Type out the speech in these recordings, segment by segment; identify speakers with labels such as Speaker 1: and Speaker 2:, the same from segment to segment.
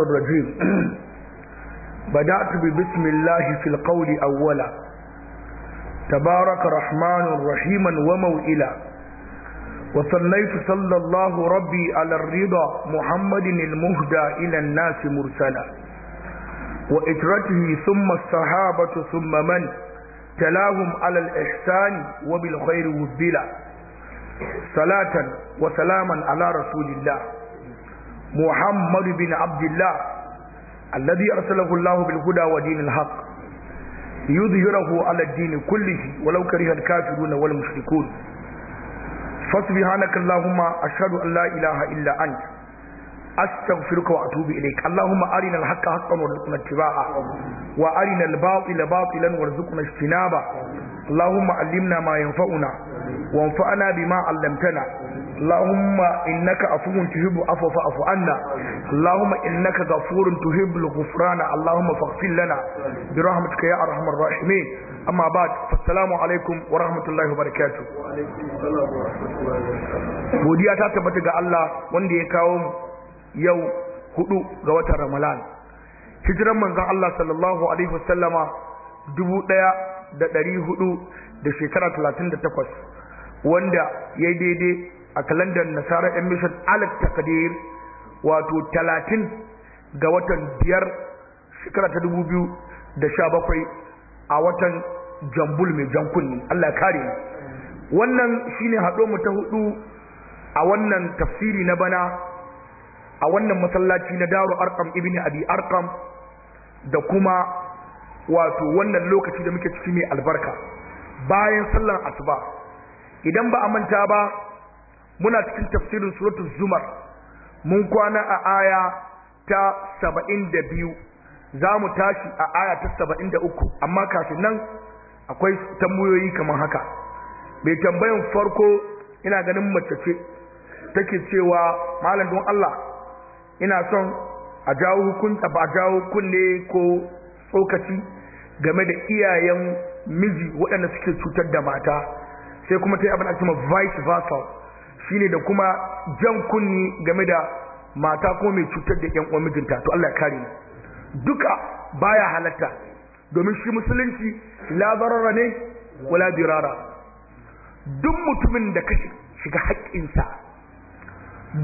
Speaker 1: الرجيم بدأت ببسم الله في القول أولا تبارك رحمن رحيما وموئلا وصليت صلى الله ربي على الرضا محمد المهدى إلى الناس مرسلا وإترته ثم الصحابة ثم من تلاهم على الإحسان وبالخير وبلا صلاة وسلاما على رسول الله محمد بن عبد الله الذي أرسله الله بالهدى ودين الحق ليظهره على الدين كله ولو كره الكافرون والمشركون فسبحانك اللهم أشهد أن لا إله إلا أنت أستغفرك وأتوب إليك اللهم أرنا الحق حقا وارزقنا اتباعه وأرنا الباطل باطلا وارزقنا اجتنابه اللهم علمنا ما ينفعنا وانفعنا بما علمتنا اللهم إنك عفو تحب العفو فاعف عنا اللهم إنك غفور تحب الغفران اللهم فاغفر لنا برحمتك يا أرحم الراحمين أما بعد wa عليكم ورحمة الله وبركاته godiya ta tabbata ga Allah wanda ya kawo yau hudu ga watan Ramadan hijiran manzon Allah sallallahu alaihi wasallama dubu ɗaya da ɗari hudu da shekara talatin da takwas wanda ya daidai a kalandar nasara emission alif takadir wato talatin ga watan biyar shekara ta dubu biyu da sha bakwai a watan jambul mai jankunni Allah kare wannan shine haɗo mu ta hudu a wannan tafsiri na bana a wannan masallaci na daru arkam ibn abi arkam da kuma wato wannan lokaci da muke ciki mai albarka bayan sallar asuba idan ba a manta ba muna cikin tafsirin suratul zumar mun kwana a aya ta 72 za mu tashi a aya ta 73 amma kafin nan akwai tambayoyi kamar haka mai tambayan farko ina ganin mace ce take cewa malam don Allah ina son a jawo ba jawo kunne ko tsokaci game da iyayen miji waɗanda suke cutar da mata sai kuma ta yi abin da ake vice versa shine da kuma jan kunni game da mata ko mai cutar da ƴan uwan mijinta to Allah ya kare ni. duka baya halatta domin shi musulunci la ne wala dirara duk mutumin da ka shiga haƙƙinsa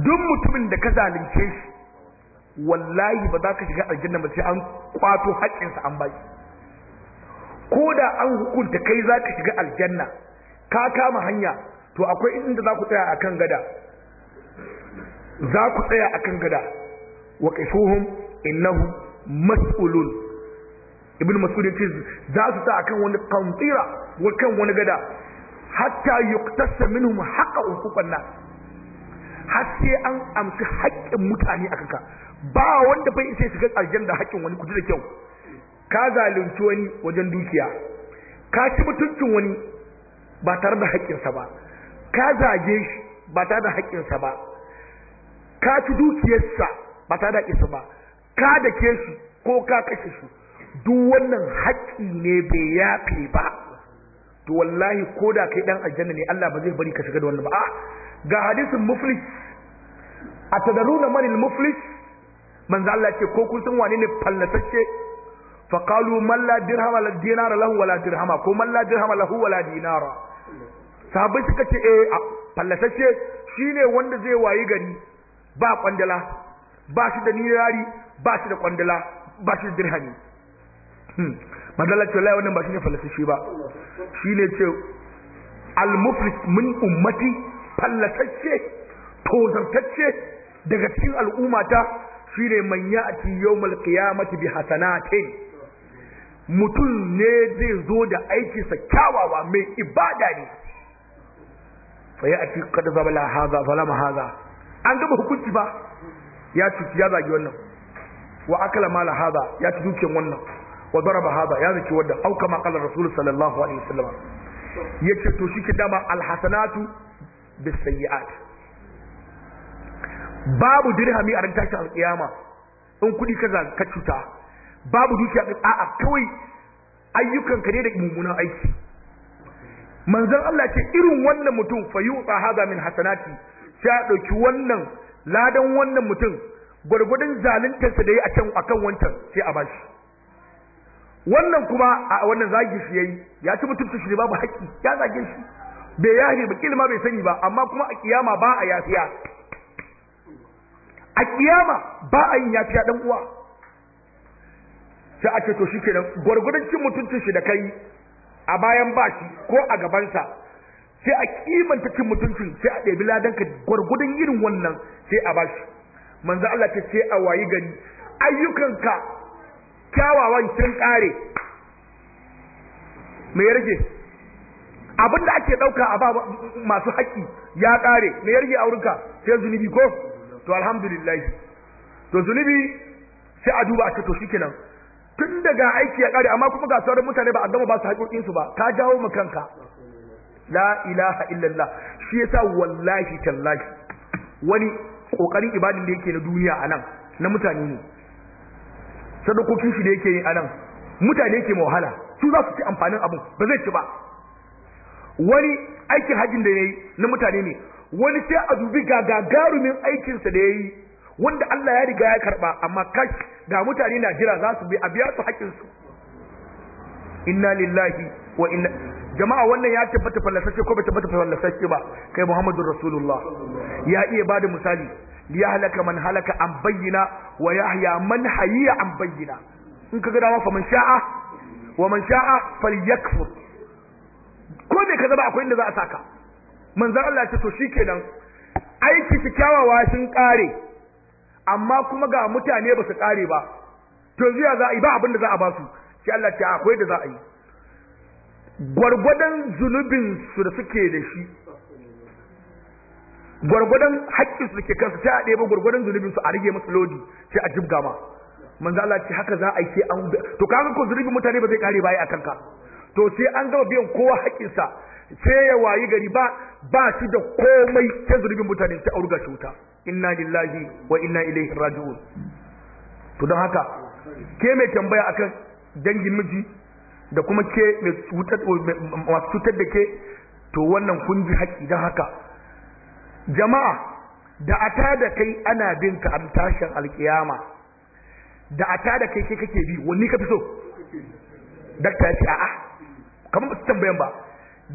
Speaker 1: duk mutumin da ka zalunce shi wallahi ba za ka shiga aljanna ba sai an kwato haƙƙinsa an bai ko da an hukunta kai za ka shiga aljanna ka kama hanya to akwai inda za ku tsaya a kan gada za ku tsaya a kan gada wa ƙasuhun innahu mas'ulun ibn ya ce za su tsaya a kan wani kantira wa kan wani gada hatta yuktasa minhum haqa uquqan har sai an amsi haƙƙin mutane a kanka ba wanda bai isa shiga da haƙƙin wani kuji da kyau ka zalunci wani wajen dukiya ka ci mutuncin wani ba tare da haƙƙinsa ba ka zage shi ba ta da haƙƙinsa ba ka ci dukiyarsa ba ta da haƙƙinsa ba ka da ke shi ko ka kashe su duk wannan haƙƙi ne bai yafe ba to wallahi ko da kai ɗan aljanna ne Allah ba zai bari ka shiga da wannan ba a ga hadisin muflis atadaruna manil muflis manzo Allah ce ko kun san wane ne fallatacce fa qalu man la dirhama la dinara lahu wala dirhama ko man la dirhama lahu wala dinara sahabbai suka ce eh fallasace shine wanda zai wayi gari ba kwandala ba shi da nirari ba shi da kwandala ba shi da dirhami hmm. madalla ce wallahi wannan ba shine fallasace ba shine ce al muflis min ummati fallasacce tozartacce daga cikin al'ummata shine man ya'ti yawmal qiyamati bi hasanatin mutum ne zai zo da sa kyawawa mai ibada ne fa ya ati qad zabala hadha zalama hadha an gaba hukunci ba ya ci ya zagi wannan wa akala mala hadha ya ci dukiyan wannan wa daraba hadha ya zaki wanda au kama qala rasul sallallahu alaihi wasallam yace to shi ke dama alhasanatu bisayiat babu dirhami a rantashi alkiyama in kudi ka ka cuta babu dukiya a'a kawai ayyukan ka ne da mummunan aiki manzon Allah ce irin wannan mutum fa yuta hada min hasanati sai a dauki wannan ladan wannan mutum gurgudun zaluntarsa da yi a can akan wancan sai a bashi wannan kuma a wannan zagi shi yayi ya ci mutunta shi babu haƙƙi ya zage shi bai yahi ba kilma bai sani ba amma kuma a kiyama ba a yafiya a kiyama ba a yin yafiya dan uwa sai a ce to shikenan gurgudun cin mutuncin shi da kai a bayan bashi ko a gabansa sai a kimanta cin mutuncin sai a ɗebi ladanka gwargudun irin wannan sai a bashi manzo Allah ta ce a wayi gari ayyukanka kyawawan sun kare me ya rage abin ake ɗauka a ba masu haƙƙi ya kare me ya rage a wurinka sai zunubi ko to alhamdulillah to zunubi sai a duba a ce to shikenan tun daga aiki ya kare amma kuma ga sauran mutane ba a gama ba su haƙoƙin su ba ka jawo mu kanka la ilaha illallah shi yasa wallahi tallahi wani kokarin ibadin da yake na duniya anan na mutane ne sadakokin shi da yake yi anan mutane yake wahala su za su ci amfanin abu ba zai ci ba wani aikin hajjin da yayi na mutane ne wani sai a dubi gagarumin aikinsa da yayi wanda Allah ya riga ya karba amma kai ga mutane na jira za su bi a biya su haƙƙin su inna lillahi wa inna jama'a wannan ya tabbata fallasacce ko bai tabbata fallasacce ba kai Muhammadur Rasulullah ya iya bada misali ya yahlaka man halaka an bayyina wa yahya man hayya an bayyina in kaga dama fa man sha'a wa man sha'a falyakfur ko ne kaza ba akwai inda za a saka manzon Allah ya ce to shikenan aiki kyawawa sun kare amma kuma ga mutane ba su kare ba to zuya za a yi ba abin da za a ba su sai Allah ta akwai da za a yi gwargwadon zunubin su da suke da shi gwargwadon haƙƙin su da ke kansu ta a ba gwargwadon zunubin su a rage musu lodi sai a jibga ma manzo Allah ce haka za a yi sai an to kaga ko zunubin mutane ba zai kare ba yi a kanka to sai an gama biyan kowa haƙƙin sa sai ya wayi gari ba ba shi da komai sai zunubin mutane sai a ruga shi wuta inna lillahi wa inna ilaihi raji'un to don haka ke mai tambaya akan dangin miji da kuma ke wasu cutar da ke to wannan kun ji haƙi don haka jama'a da a da kai ana bin ka a tashin alkiyama da a da kai ke kake bi wani ka fi so dakta ya ce a'a kamar su tambayan ba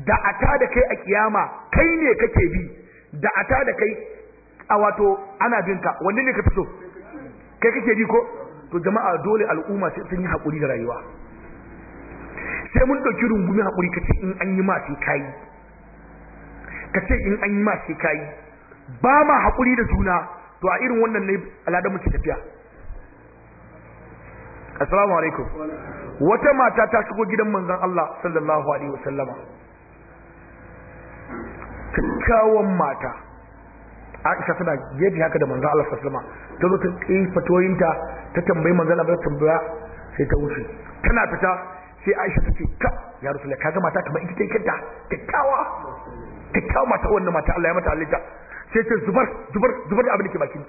Speaker 1: da a da kai a kiyama kai ne kake bi da a da kai a wato ana binka wanne ne ka fi so? kai kake ji ko to jama'a dole al'umma sai sun yi haƙuri da rayuwa sai mun ɗauki rungumi haƙuri ka ce in an yi ma sai kayi ka ce in an yi ma sai kayi ba ma haƙuri da juna to a irin wannan ne al'adar mu tafiya assalamu alaikum wata mata ta shigo gidan manzon Allah sallallahu alaihi wasallama kyakkyawan mata aisha tana gefe haka da manzo Allah sallallahu alaihi ta zo ta kai fatoyinta ta tambayi manzo Allah tambaya sai ta wuce tana fita sai aisha ta ce ka ya rasulullah kaga mata kamar ita take kanta kyakkyawa kyakkyawa mata wannan mata Allah ya mata halitta sai ta zubar zubar zubar da abin da ke bakin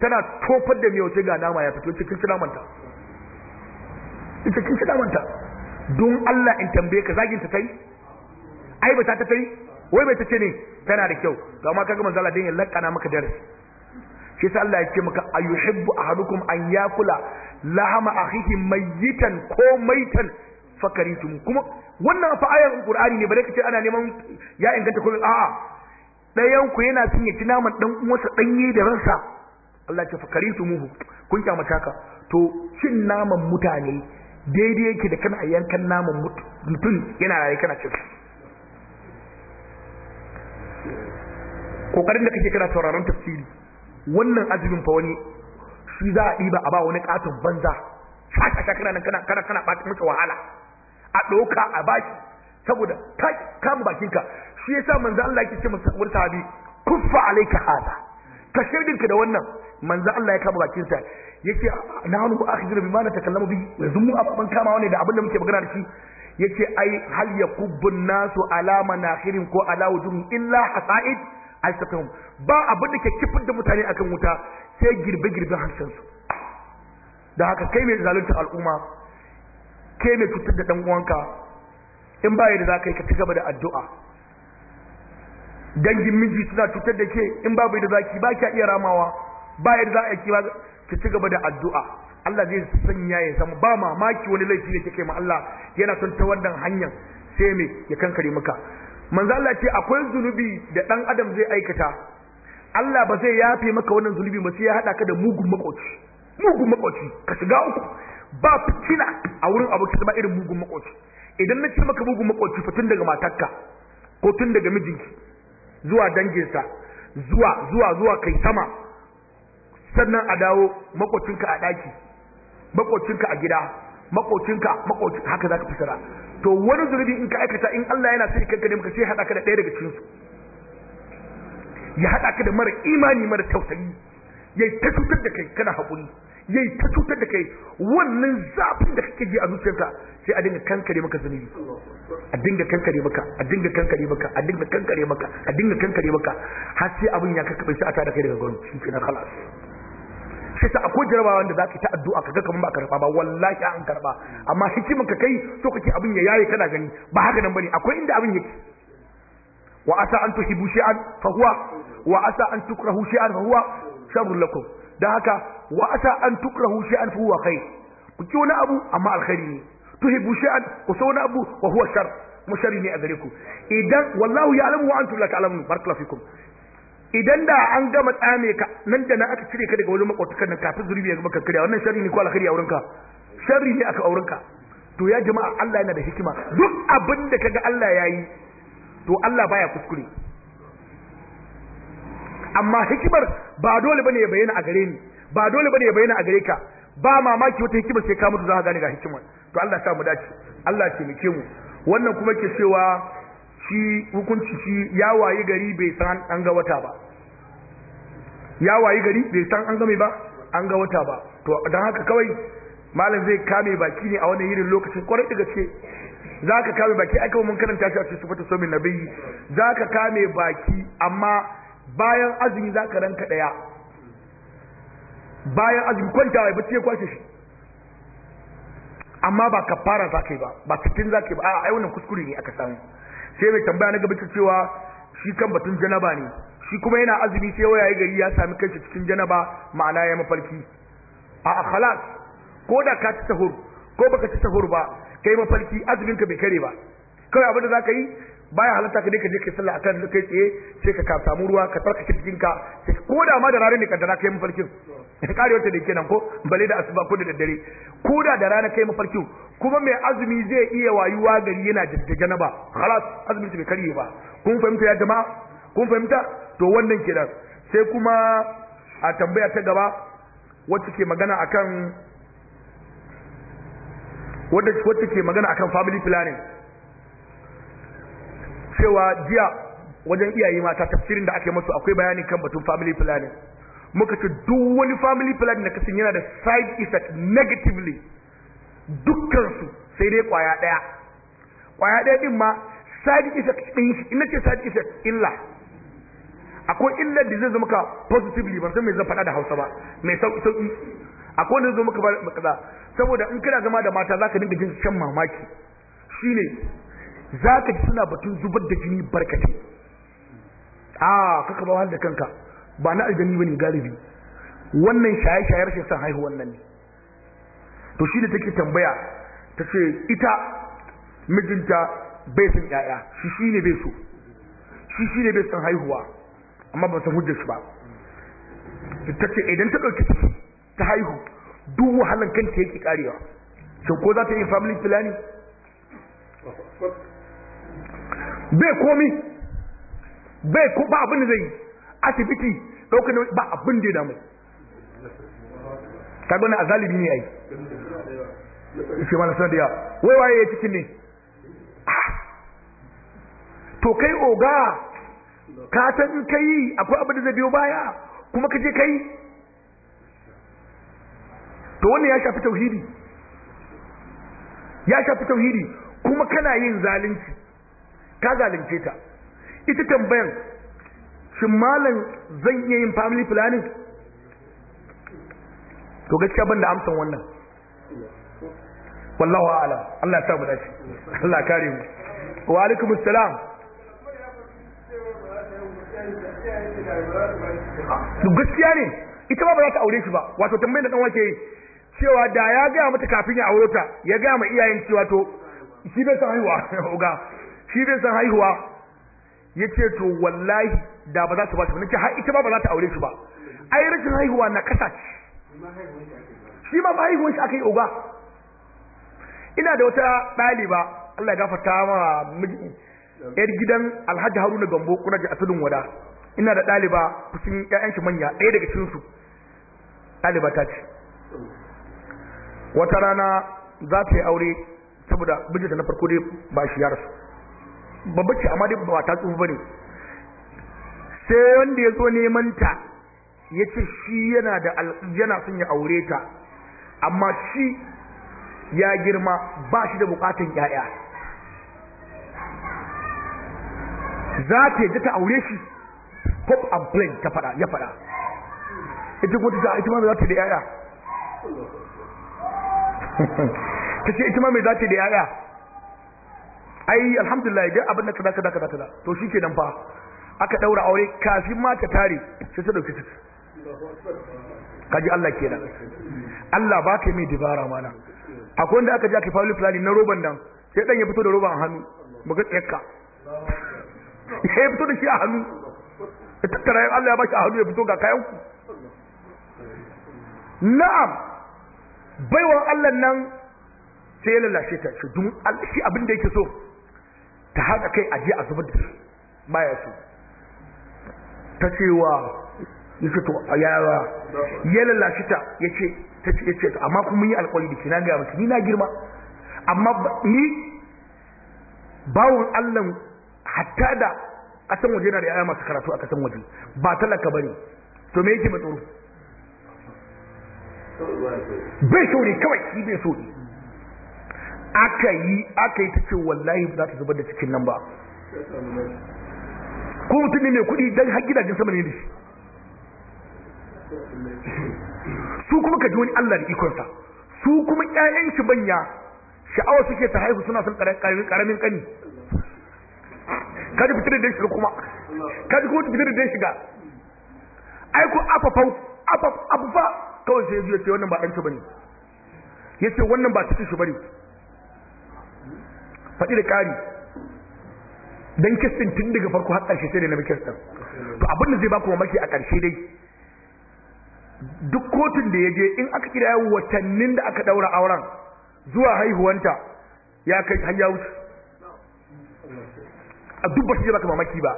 Speaker 1: tana tofar da miyau sai ga nama ya fito cikin sinamanta ita kin sinamanta don Allah in tambaye ka zagin ta tai ai ba ta ta tai wai bai tace ne tana da kyau ga ma kaga manzala din ya lakana maka darasi shi sai Allah ya ce maka ayuhibbu ahadukum an yakula lahama akhihi mayitan ko maitan fakaritum kuma wannan fa ayar Qur'ani ne bare kace ana neman ya inganta kullun a'a dayan ku yana cin ya ci naman dan uwansa danye da ransa Allah ya fakartumuhu kun kyamata ka to cin naman mutane daidai yake da kana yankan naman mutum yana raye kana cin kokarin da kake kana tauraron tafsiri wannan azumin fa wani shi za a ɗiba a ba wani katon banza shaka kana nan kana kana kana baki maka wahala a ɗauka a baki saboda ka kama bakinka shi yasa manzo Allah yake ce masa wani sahabi kuffa alayka hada ka shirdinka da wannan manzo Allah ya kama bakinsa yace nahnu akhidhu bima natakallamu bihi yanzu mu ababan kama ne da abin da muke magana da shi yace ai hal yakubbu nasu ala manahirin ko ala wujuhin illa hasaid asakahum ba abin da ke kifin da mutane akan wuta sai girbe-girben harshensu da haka kai mai zalunta al'umma kai mai cutar da dan in ba da za ka yi ka ci gaba da addu'a dangin miji suna cutar da ke in babu da za ki ba ki iya ramawa ba da za a ki ki ci gaba da addu'a Allah zai sanya ya zama ba mamaki wani laifi ne kai ma Allah yana son ta wannan hanyar sai me ya kankare maka manzo Allah ce akwai zunubi da dan adam zai aikata Allah ba zai yafe maka wannan zunubi ba sai ya hada ka da mugun makoci mugun makoci ka shiga uku ba fitina a wurin abokin ba irin mugun makoci idan na ce maka mugun makoci fitin daga matarka ko tun daga mijinki zuwa danginsa zuwa zuwa zuwa kai sama sannan a dawo makocinka a daki makocinka a gida makocinka makocin haka zaka fitara to wani zunubi in ka aikata in Allah yana sai kanka ne maka sai hada ka da ɗaya daga cikin su ya hada ka da mara imani mara tausayi yayi ta cutar da kai kana haƙuri yayi ta cutar da kai wannan zafin da kake ji a zuciyarka sai a dinga kankare maka zunubi a dinga kankare maka a dinga kankare maka a dinga kankare maka a dinga kankare maka har sai abin ya kakkabe shi a da kai daga gurin shi kenan khalas shi ta akwai jarabawa wanda za ka ta addu'a ka ga kaman ba ka karba ba wallahi an karba amma hikimin ka kai so kake abin ya yaye kana gani ba haka nan bane akwai inda abin yake wa asa an tuhibu shay'an fa huwa wa asa an tukrahu shay'an fa huwa sharrun lakum dan haka wa asa an tukrahu shay'an fa huwa khair ku ki wani abu amma alkhairi ne tuhibu shay'an ku so wani abu wa huwa shar kuma shari ne a gare ku idan wallahu ya'lamu wa antum la ta'lamun barakallahu fikum idan da an gama tsame ka nan da nan aka cire ka daga wani makwatukan nan kafin zurbi ya maka kariya wannan sharri ne ko alkhairi a wurinka sharri ne aka aurinka to ya jama'a Allah yana da hikima duk abin da kaga Allah yayi to Allah baya kuskure amma hikimar ba dole bane ya bayyana a gare ni ba dole bane ya bayyana a gare ka ba mamaki wata hikimar sai ka mutu za ka gane ga hikimar to Allah ya sa mu dace Allah ya taimake mu wannan kuma ke cewa shi hukunci shi ya wayi gari bai san an ga wata ba ya wayi gari bai san an mai ba an ga wata ba to don haka kawai malam zai kame baki ne a wani irin lokacin kwarai da gaske za ka kame baki aka mun karanta shi a cikin sufatu somin nabi za ka kame baki amma bayan azumi za ka ranka daya bayan azumi kwanta wai bacci kwace shi amma ba kafara za ka ba ba cikin za ka ba a ai wannan kuskure ne aka samu sai mai tambaya na gaba cewa shi kan batun janaba ne shi kuma yana azumi sai waya wayaye gari ya sami kanshi cikin janaba ma'ana ya mafarki a khalas ko da ka ci sahur ko baka ci sahur ba kai mafarki azumin ka bai kare ba kawai abin da zaka yi baya halatta ka dai ka je kai sallah akan kai tsaye sai ka ka samu ruwa ka tarkace cikin ka ko da ma da rana ne ka dana kai mafarkin kare wata da kenan ko bale da asuba ko da daddare ko da da rana kai mafarkin kuma mai azumi zai iya wayuwa gari yana da ba khalas azumin bai kare ba kun fahimta ya jama'a kun fahimta to wannan kenan sai kuma a tambaya ta gaba wacce ke magana akan wacce ke magana akan family planning cewa jiya wajen iyaye mata tafsirin da ake masu akwai bayani kan batun family planning muka ce duk wani family planning da kasin yana da side effect negatively dukkansu sai dai kwaya daya kwaya daya din ma side effect din shi ina ce side effect illa akwai illar da zai zama ka positively ba sai mai zan faɗa da Hausa ba mai sauki akwai wanda zai zama ka kaza saboda in kana zama da mata zaka dinga jin shan mamaki shine zaka ji suna batun zubar da jini barkatai a kaka ba da kanka ba na aljani bane galibi wannan shaye-shayar shi san haihu wannan ne to shi take tambaya ta ce ita mijinta bai san yaya shi shi ne bai so shi shi ne bai san haihuwa amma ba ta hujjar su ba ta ce idan ta ɗauki ciki ta haihu duk wahalan kanta yake karewa shin ko za ta yi family planning bai komi bai ko ba abin da zai yi asibiti ɗaukar ba abin da ya damu ta gona a zalibi ne a
Speaker 2: yi
Speaker 1: shi mana sanar da yawa wai waye ya cikin ne ah! to kai oga ka san in ka yi akwai abin da zai biyo baya kuma ka je ka yi to wannan ya shafi tauhidi ya shafi tauhidi kuma kana yin zalunci ka zalunce ta ita tambayan shin malam zan iya yin family planning to gaskiya ban da amsan wannan wallahu a'lam Allah ya sa mu dace Allah kare mu wa alaikumus salam duk gaskiya ne ita ma ba za ta aure shi ba wato tambayi da dan wake cewa da ya gaya mata kafin ya aure ta ya gaya ma iyayen cewa to shi bai san haihuwa oga shi bai san haihuwa ya ce to wallahi da ba za ta ba ta nace har ita ba ba za ta aure shi ba ai rashin haihuwa na kasa shi ma ba haihuwan shi aka yi oga ina da wata ɗaliba Allah ya gafarta ma yar gidan Alhaji Haruna Gambo kuna ji a tudun wada ina da ɗaliba kusan ƴaƴan shi manya ɗaya daga cikin su ɗaliba ta ce wata rana za ta yi aure saboda mijinta na farko dai ba shi ya rasu babba ce amma dai ba ta tsufu bane sai wanda ya zo neman ta ya ce shi yana da yana son ya aure ta amma shi ya girma ba shi da bukatun ƴaƴa za ta yi ta aure shi pop and plain ta fada ya fada ita kuma da ah, ita ma me da yaya ta ce ita ma me za ta da yaya ai alhamdulillah dai abin da kaza kaza kaza kaza to shikenan fa aka daura aure kafin ma ta tare sai ta dauki ciki kaji Allah kenan Allah ba ka mai dibara mana akwai wanda aka ji aka fawo fulani na roban nan sai dan ya fito da roban hannu baka tsayakka ya fito da shi a hannu Ka tattara yan Allah ya bashi a hannu ya fito ga kayan ku na'am baiwan Allah nan sai ya lalace ta shi dun shi abin da yake so ta haka kai aje a zubar da shi baya so ta ce wa yake to yawa ya lalace ta yace ta ce yace amma kuma mun yi alƙawari da ke na ga miki ni na girma amma ni bawon Allah hatta da can waje na da yaya masu karatu a kasan waje ba talaka bane to me yake matsoro bai so ne kawai shi bai so ne aka yi aka yi ta ce wallahi ba za ta zubar da cikin nan ba ko mutum ne mai kuɗi don har gidajen sama ne da shi su kuma ka ji wani Allah da ikonsa su kuma ƴaƴan shi banya sha'awa suke ta haihu suna son ƙaramin ƙani? ka fitar da shiga kuma ka ku fitar da shiga ai ko afafau abba kawai sai ya ce wannan ba ɗanci bane ya ce wannan ba cikin shi bane faɗi da ƙari dan kistin tun daga farko har karshe sai da na kistin to abin da zai ba ku mamaki a ƙarshe dai duk kotun da ya je in aka kira watannin da aka daura auren zuwa haihuwanta ya kai har ya wuce a duk ba shi baka mamaki ba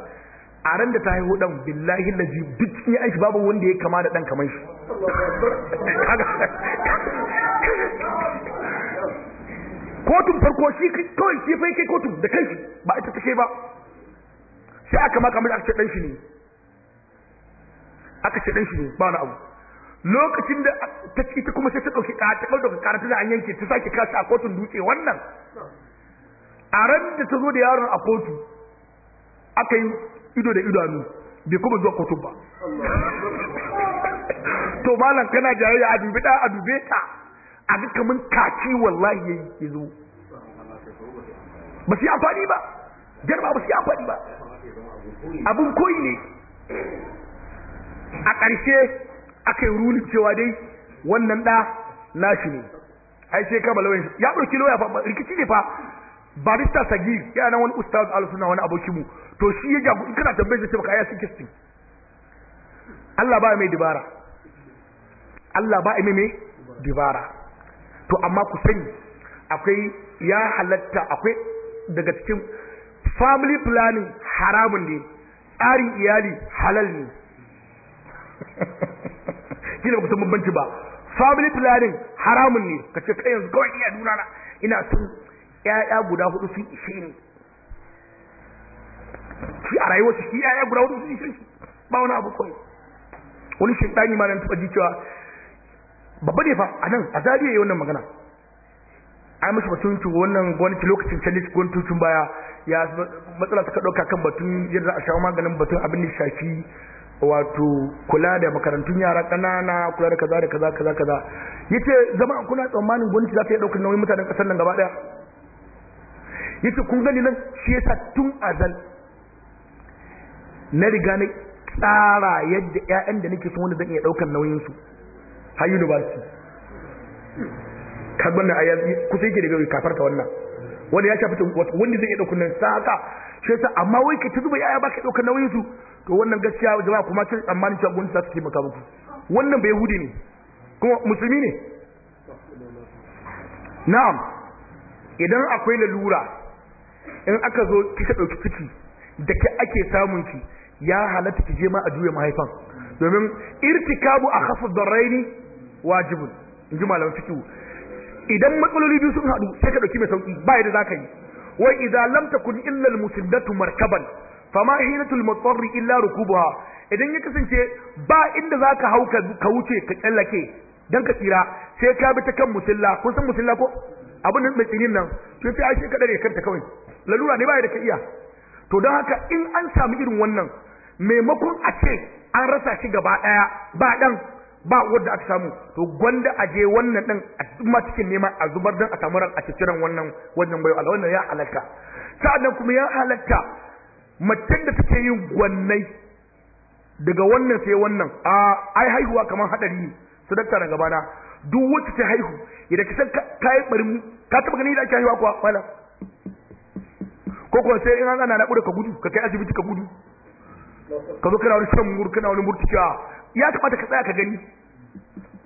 Speaker 1: a ran da ta haihu dan billahi lazi duk cikin ya aiki babu wanda ya kama da dan kamar shi kotun farko shi kawai shi fai kai kotun da kanshi ba ita take ba sai aka maka mai aka ce dan shi ne aka ce dan shi ne ba wani abu lokacin da ta ita kuma sai ta dauki ka ta dauka karatu da an yanke ta sake kashi a kotun dutse wannan a ran da ta zo da yaron a kotu aka yi ido da idanu bai kuma zuwa kotun ba to malam kana jayayya a dubi da a dube ta a ga mun kaci wallahi ya yi zo ba su yi amfani ba jarba ba su yi amfani ba abun koyi ne a ƙarshe aka yi rulin cewa dai wannan ɗa nashi ne ai sai ka balawai ya ɗauki lauya fa rikici ne fa barista sagir ya nan wani ustaz al-sunna wani aboki mu to shi ya jagu kana tambaye shi baka ayatin kisti Allah ba mai dibara Allah ba mai mai dibara to amma ku sani akwai ya halatta akwai daga cikin family planning haramun ne tsarin iyali halal ne kina ku san bambanci ba family planning haramun ne ka kai yanzu kawai ina duna na ina tun Ƴaƴa guda hudu sun ishe ne shi a rayuwar shi ƴaƴa guda hudu sun ishe shi ba wani abu kawai wani shaitani ma nan taɓa ji cewa babba ne fa a nan a zariya yi wannan magana ai mashi batuncin wannan gwamnati lokacin challenge gwamnatocin baya ya matsala ta ɗauka kan batun yadda a shawo maganin batun abin da shafi wato kula da makarantun yara ƙanana kula da kaza da kaza kaza kaza yace zama kuna tsammanin gwamnati za ta iya ɗaukar nauyin mutanen ƙasar nan gaba ɗaya yace kun gani nan shi yasa tun azal na riga na tsara yadda ƴaƴan da nake son wanda zan iya daukar nauyin su har university ka gwanna aya kusa yake daga kafarta wannan wanda ya shafi wanda zai iya daukar nan sa haka shi yasa amma wai ka ta zuba ƴaƴa ba ka ɗaukar nauyin su to wannan gaskiya jama'a kuma kin tsammanin cewa gwamnati za ta taimaka muku wannan bai hudu ne kuma musulmi ne na'am idan akwai lalura in aka zo kika ɗauki ciki da ke ake samun ki ya halatta ki je ma a juya mahaifan domin irtikabu a hasu darraini wajibun in ji malamin fikihu idan matsaloli biyu sun haɗu sai ka ɗauki mai sauƙi ba yadda za ka yi wai idan lam takun illa al markaban fama hinatul mutarr illa rukubuha idan ya kasance ba inda zaka hau ka wuce ka tsallake dan ka tsira sai ka bi ta kan musilla kun san musilla ko abin da mai tsinin nan to sai ai ka dare kanta kawai lalura ne baya da ka iya to don haka in an samu irin wannan maimakon a ce an rasa shi gaba daya ba dan ba wanda aka samu to gwanda a je wannan din a ma cikin neman a zubar dan a samu ran a ciciran wannan wannan bayo Allah wannan ya halaka sa'annan kuma ya halaka macen da take yin gwannai daga wannan sai wannan a ai haihuwa kamar hadari ne sadaka na gabana duk wacce ta haihu idan ka san ka yi barin ka taba ganin da ake haihuwa kuwa wala ko kuma sai in an ana naƙuda ka gudu ka kai asibiti ka gudu ka zo kana wani shan mur kana wani murtukewa ya kamata ka tsaya ka gani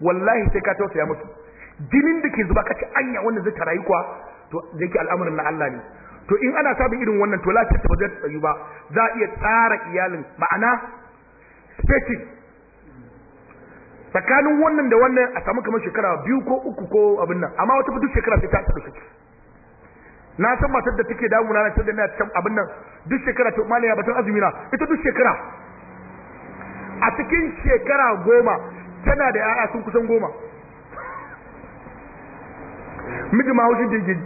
Speaker 1: wallahi sai ka tausaya musu jinin da ke zuba ka ci anya wanda zai tarayi kuwa to da yake al'amarin na Allah ne to in ana sabin irin wannan to lafiyar ba zai tsayu ba za a iya tsara iyalin ma'ana spacing tsakanin wannan da wannan a samu kamar shekara biyu ko uku ko abin nan amma wata duk shekara sai ta tsaka shi na san matar da take damuna na da a cikin abin nan duk shekara to malaya batun azumi na ita duk shekara a cikin shekara goma tana da ya'ya sun kusan goma miji ma haushin jirgin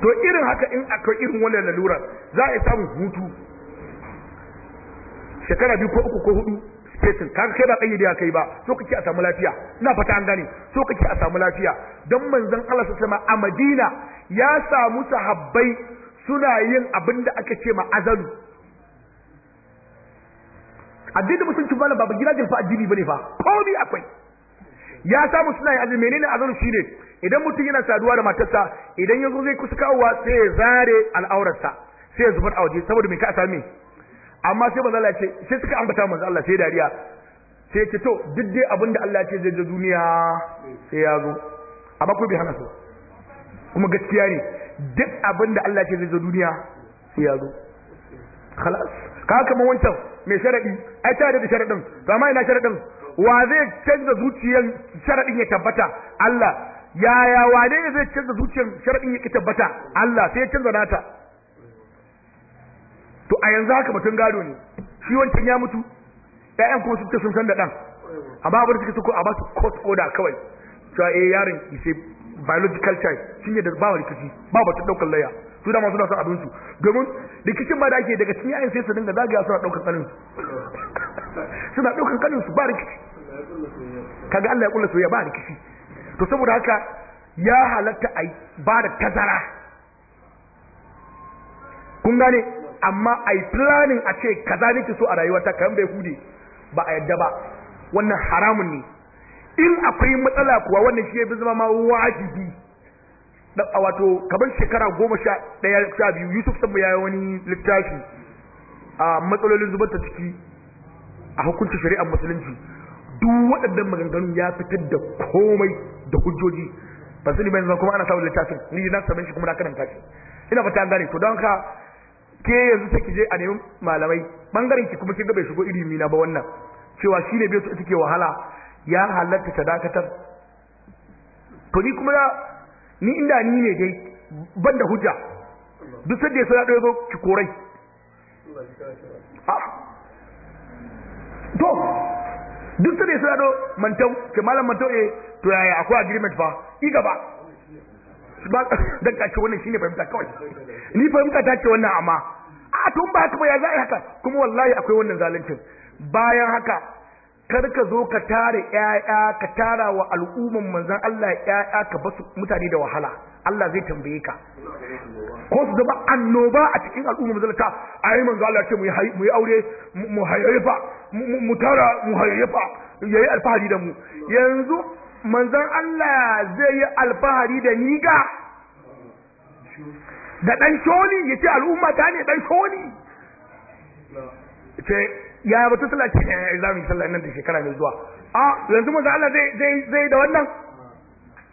Speaker 1: to irin haka in akwai irin wannan lalura za a samu hutu shekara biyu ko uku ko hudu fetin kan kai ba kayyade kai ba so kake a samu lafiya ina fata an gane so kake a samu lafiya dan manzon Allah ma. a Madina ya samu sahabbai suna yin abin da aka ce ma azalu addinin musulunci ba ba gidajen fa addini bane fa komai akwai ya samu suna yin azalu menene azalu shine idan mutum yana saduwa da matarsa idan ya zai kusa kawowa sai ya zare al'aurarsa sai ya zubar a waje saboda me ka asami amma sai manzo Allah ce sai suka ambata manzo Allah sai dariya sai ce to duk dai abinda Allah ce zai zo duniya sai ya zo amma ku bai hana su kuma gaskiya ne duk abinda Allah ce zai zo duniya sai ya zo khalas ka kamar wancan mai sharadi ai ta da sharadin to amma ina sharadin wa zai canza zuciyar sharadin ya tabbata Allah yaya wane zai canza zuciyar sharadin ya tabbata Allah sai ya canza nata to a yanzu haka batun gado ne shi wancan ya mutu ɗayan kuma su ta sun san da ɗan amma abin da suke so ko a ba su court order kawai cewa eh yaron ise biological child shine da ba rikici ba batun daukar laya su dama suna son abin su domin rikicin ba da ake daga cikin ƴaƴan sai su dinga zagaya suna daukar kanin su suna daukar kanin su ba rikici kaga Allah ya kula soyayya ba rikici to saboda haka ya halatta a ba da tazara kun gane amma ai planning a ce kaza nake so a rayuwata kan bai hude ba a yadda ba wannan haramun ne in akwai matsala kuwa wannan shi ya fi zama ma wajibi wato kamar shekara goma sha ɗaya sha biyu yusuf sabu ya yi wani littafi a matsalolin zubar ta ciki a hukuncin shari'ar musulunci duk waɗannan maganganu ya fitar da komai da hujjoji ba su ne kuma ana samun littafin ni na samun shi kuma na karanta kashi ina fata gane to don ka ke yanzu sai ki je a nemi malamai bangaren ki kuma kin ga bai shigo ilimi na ba wannan cewa shine bai take wahala ya halatta ta dakatar to ni kuma ni inda ni ne dai ban da hujja duk sai da sai zo ki korai ah. to duk sai da sai mantau ke malam mantau eh to yaya akwai agreement fa iga gaba dan kace wannan shine fahimta kawai ni fahimta ta ce wannan amma a tun ba haka ba ya zai haka kuma wallahi akwai wannan zaluncin bayan haka kar ka zo ka tare ƴaƴa ka tara wa al'umman manzon Allah ƴaƴa ka basu mutane da wahala Allah zai tambaye ka ko su zama annoba a cikin al'umma mazalata a yi manzo Allah ce mu yi aure mu hayayyafa mu tara mu hayayyafa yayi alfahari da mu yanzu manzon Allah zai yi alfahari da niga da ɗan shoni ce al'umma ta ne ɗan shoni ce ya yi ta sallah ce eh za mu yi sallah nan da shekara mai zuwa a ah, yanzu manzon Allah zai yi da wannan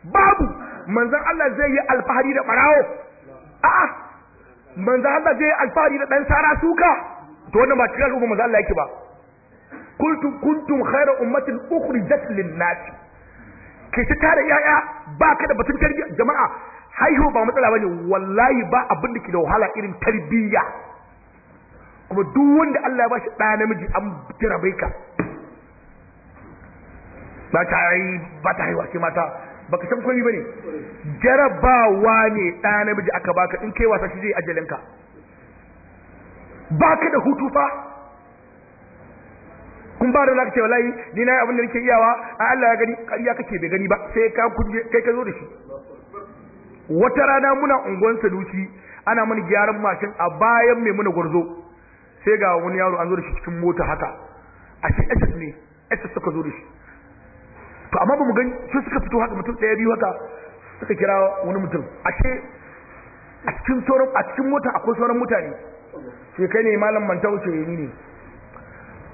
Speaker 1: babu manzon Allah zai yi alfahari da ɓarawo? a manzon Allah zai yi alfahari da ɗan sara suka to wannan ba cikin al'umma manzon Allah yake ba kuntum kuntum ummatin ukhrijat lin-nas kai ta tara yaya ba ka da batun tarbiyya jama'a haihu ba matsala bane wallahi ba abin da ke da wahala irin tarbiyya kuma duk wanda Allah ya bashi ɗaya namiji an bai ka ba ta yi ba ta haihuwa mata baka san komai bane jarabawa ne ɗaya namiji aka baka in kai wasa shi zai ajalinka ba ka da hutu fa kun ba da wani ce layi ni na yi abin da nake iyawa a Allah ya gani ƙarya kake bai gani ba sai ka kuje kai ka zo da shi wata rana muna unguwan Saduci ana mana gyaran mashin a bayan mai muna gwarzo sai ga wani yaro an zo da shi cikin mota haka a shi SS ne SS suka zo da shi to amma ba mu gani sai suka fito haka mutum ɗaya biyu haka suka kira wani mutum ashe a cikin sauran a cikin mota akwai sauran mutane sai kai ne malam manta wuce ni ne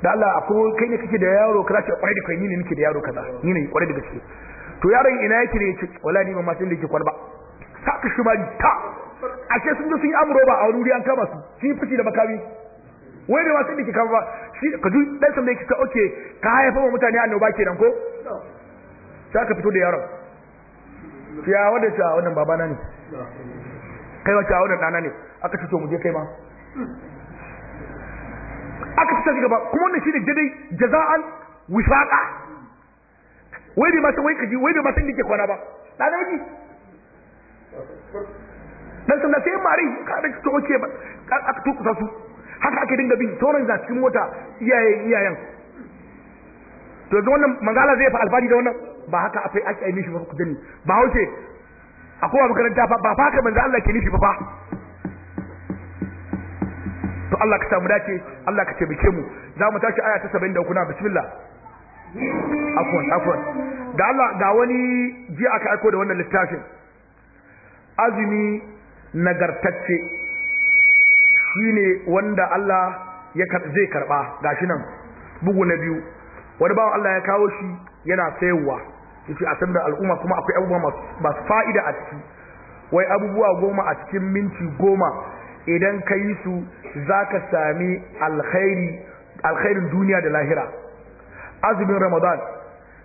Speaker 1: da Allah kuma kai ne kake da yaro kaza ce kwarai da kai ni ne nake da yaro kaza ni ne kwarai da gaske to yaron ina yake ne yake wala ni ba ma sun da yake kwarba saka shi bari ta ake sun je sun yi amuro ba a wuri an kama su shi fushi da makami wai da ma da yake kama ba shi ka ji dan sa mai kika okay ka haifa ma mutane annoba kenan ko saka ka fito da yaron ya wanda ta wannan babana ne kai wata wannan dana ne aka ce to mu je kai ma aka fita gaba kuma wannan shine jadai jaza'an wifaqa wai bai ma san wai kaji wai bai ma san ke kwana ba da namiji dan sanda sai mari ka da to oke ba aka to kusa su haka ake dinga bin sauran za cikin mota iyaye iyayen to yanzu wannan mangala zai fa albani da wannan ba haka fai ake ainihin shi ba ku dani ba hauce akwai makaranta ba fa ka manzo Allah ke nufi ba fa to Allah ka samu dace Allah ka taimake mu za mu tashi aya ta 73 kuna bismillah afwan afwan da Allah ga wani ji aka aiko da wannan littafin azumi nagartacce shine wanda Allah ya zai karba gashi nan bugu na biyu wani bawan Allah ya kawo shi yana sayarwa yace a san al'umma kuma akwai abubuwa masu fa'ida a ciki wai abubuwa goma a cikin minti goma idan ka yi su za ka sami alkhairin duniya da lahira azumin ramadan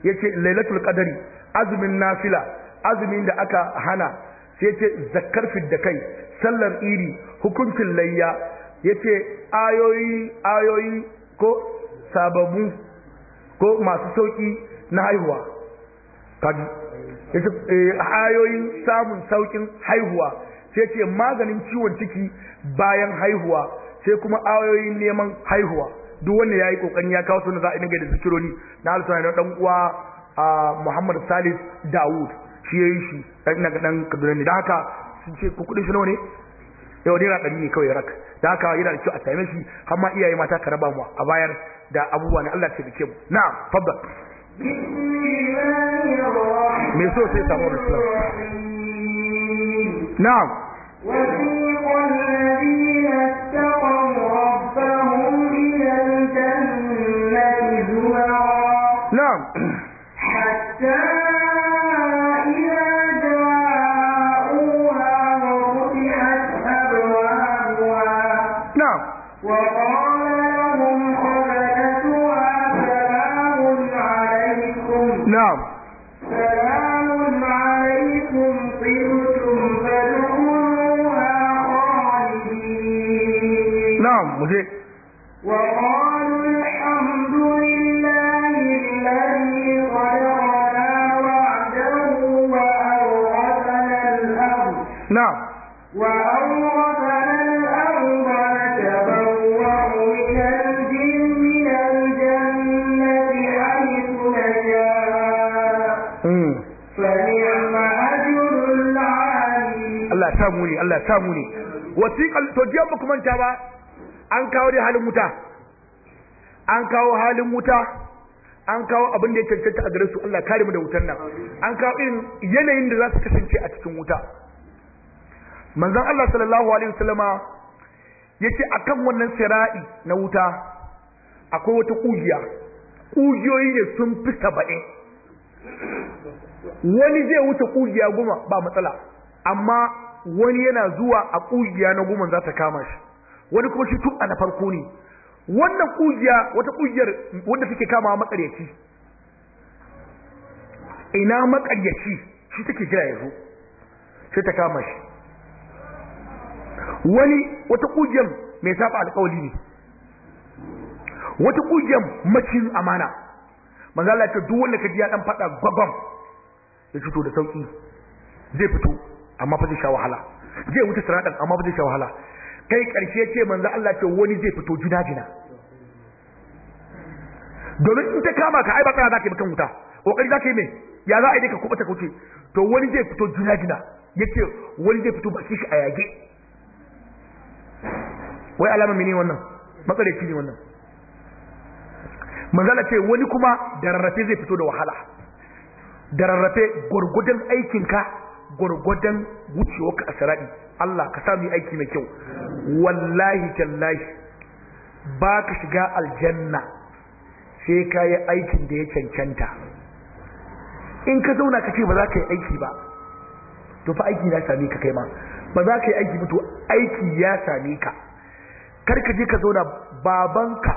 Speaker 1: ya ce lailatul qadari azumin nafila azumin da aka hana sai ce zakar da kai sallar iri hukuncin layya ya ce ayoyi ayoyi ko sababu ko masu sauki na haihuwa kaji eh, ayoyin samun saukin haihuwa sai ce maganin ciwon ciki bayan haihuwa sai kuma ayoyin neman haihuwa duk wanda yayi kokarin ya kawo sunan za'a inga da zikironi na alsa na dan uwa Muhammad Salis Dawud shi yayi shi dan ina dan Kaduna ne da haka sun ce ku kudin shi nawa ne yau dai ɗari ne kawai raka da haka yana da kyau a same shi har ma iyaye mata ka raba mu a bayar da abubuwa ne Allah ya taimake mu na'am fabbal me so sai samu
Speaker 2: Rasulullah Now muje wa qalu alhamdulillahi alladhi qadarana wa wa Allah
Speaker 1: ta muni Allah ta muni wasiqal to jiya muku ta ba an kawo da halin wuta an kawo halin wuta an kawo abin da ya cancanta a gare su Allah kare mu da wutar nan an kawo irin yanayin da za su kasance a cikin wuta manzon Allah sallallahu alaihi wasallama yace akan wannan sira'i na wuta akwai wata kugiya kugiyoyi ne sun fi saba'in wani zai wuce kugiya goma ba matsala amma wani yana zuwa a kugiya na goma za ta kama shi wani kuma shi tun ana farko ne wannan kujiya wata kujiyar wanda take kama makaryaci ina makaryaci shi take jira yazo sai ta kama shi wani wata kugiyar mai saba alƙawari ne wata kujiyar macin amana manzo Allah ya duk wanda kaji ya dan fada gwagwam ya fito da sauki zai fito amma fa zai sha wahala zai wuce siradan amma fa zai sha wahala kai ƙarshe ce manzo Allah ce wani zai fito jina-jina domin in ta kama ka ai ba tsara za ka yi kan wuta ƙoƙari za ka yi mai ya za a yi ka ta kauce to wani zai fito jina-jina ya ce wani zai fito baki shi a yage wai alama mene wannan matsalaci ne wannan manzala ce wani kuma dararrafe zai fito da wahala dararrafe gwargwadon aikinka gwargwadon wucewa ka a sara'i Allah ka sa mu aiki mai kyau wallahi tallahi ba ka shiga aljanna sai ka yi aikin da ya cancanta in ka zauna ka ce ba za ka yi aiki ba to fa aiki ya same ka kai ma ba za ka yi aiki ba to aiki ya same ka kar ka je ka zauna babanka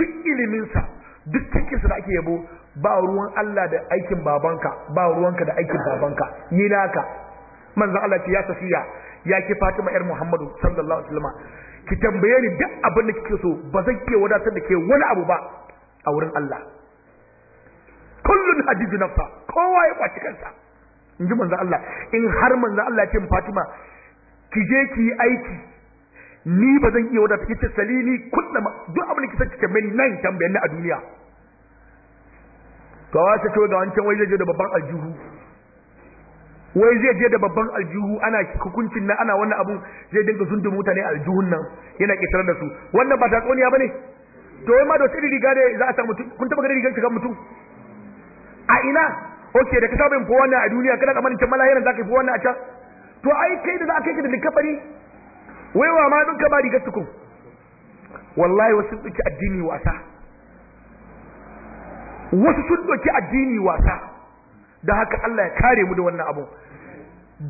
Speaker 1: duk iliminsa duk cikinsa da ake yabo ba ruwan Allah da aikin babanka ba ruwanka da aikin babanka yi naka manzo Allah ya safiya ya ki Fatima yar Muhammadu sallallahu alaihi wasallam ki tambaye ni duk abin da kike so ba zan ke wadatar da ke wani abu ba a wurin Allah kullun hadiju nafsa kowa ya kwaci kansa in ji manzo Allah in har manzo Allah ya ce Fatima ki je ki yi aiki ni ba zan iya wadatar ki ce salini kullum duk abin da kike kike mai nan tambayen a duniya to wa ta ce ga wancan waje zai je da babban aljihu wai zai je da babban aljihu ana hukuncin nan ana wannan abun zai dinga zunda mutane aljihun nan yana kitar da su wannan ba tatsuniya bane to wai ma da tsiri riga ne za a samu kun taba ga rigar kan mutum a ina okay da ka saba fi wannan a duniya kada kamar ta za ka yi wannan a can to ai kai da za ka yi da likabari wai wa ma dun ka ba rigar tukun wallahi wasu duki addini wasa wasu sun doki addini wasa da haka Allah ya kare mu da wannan abu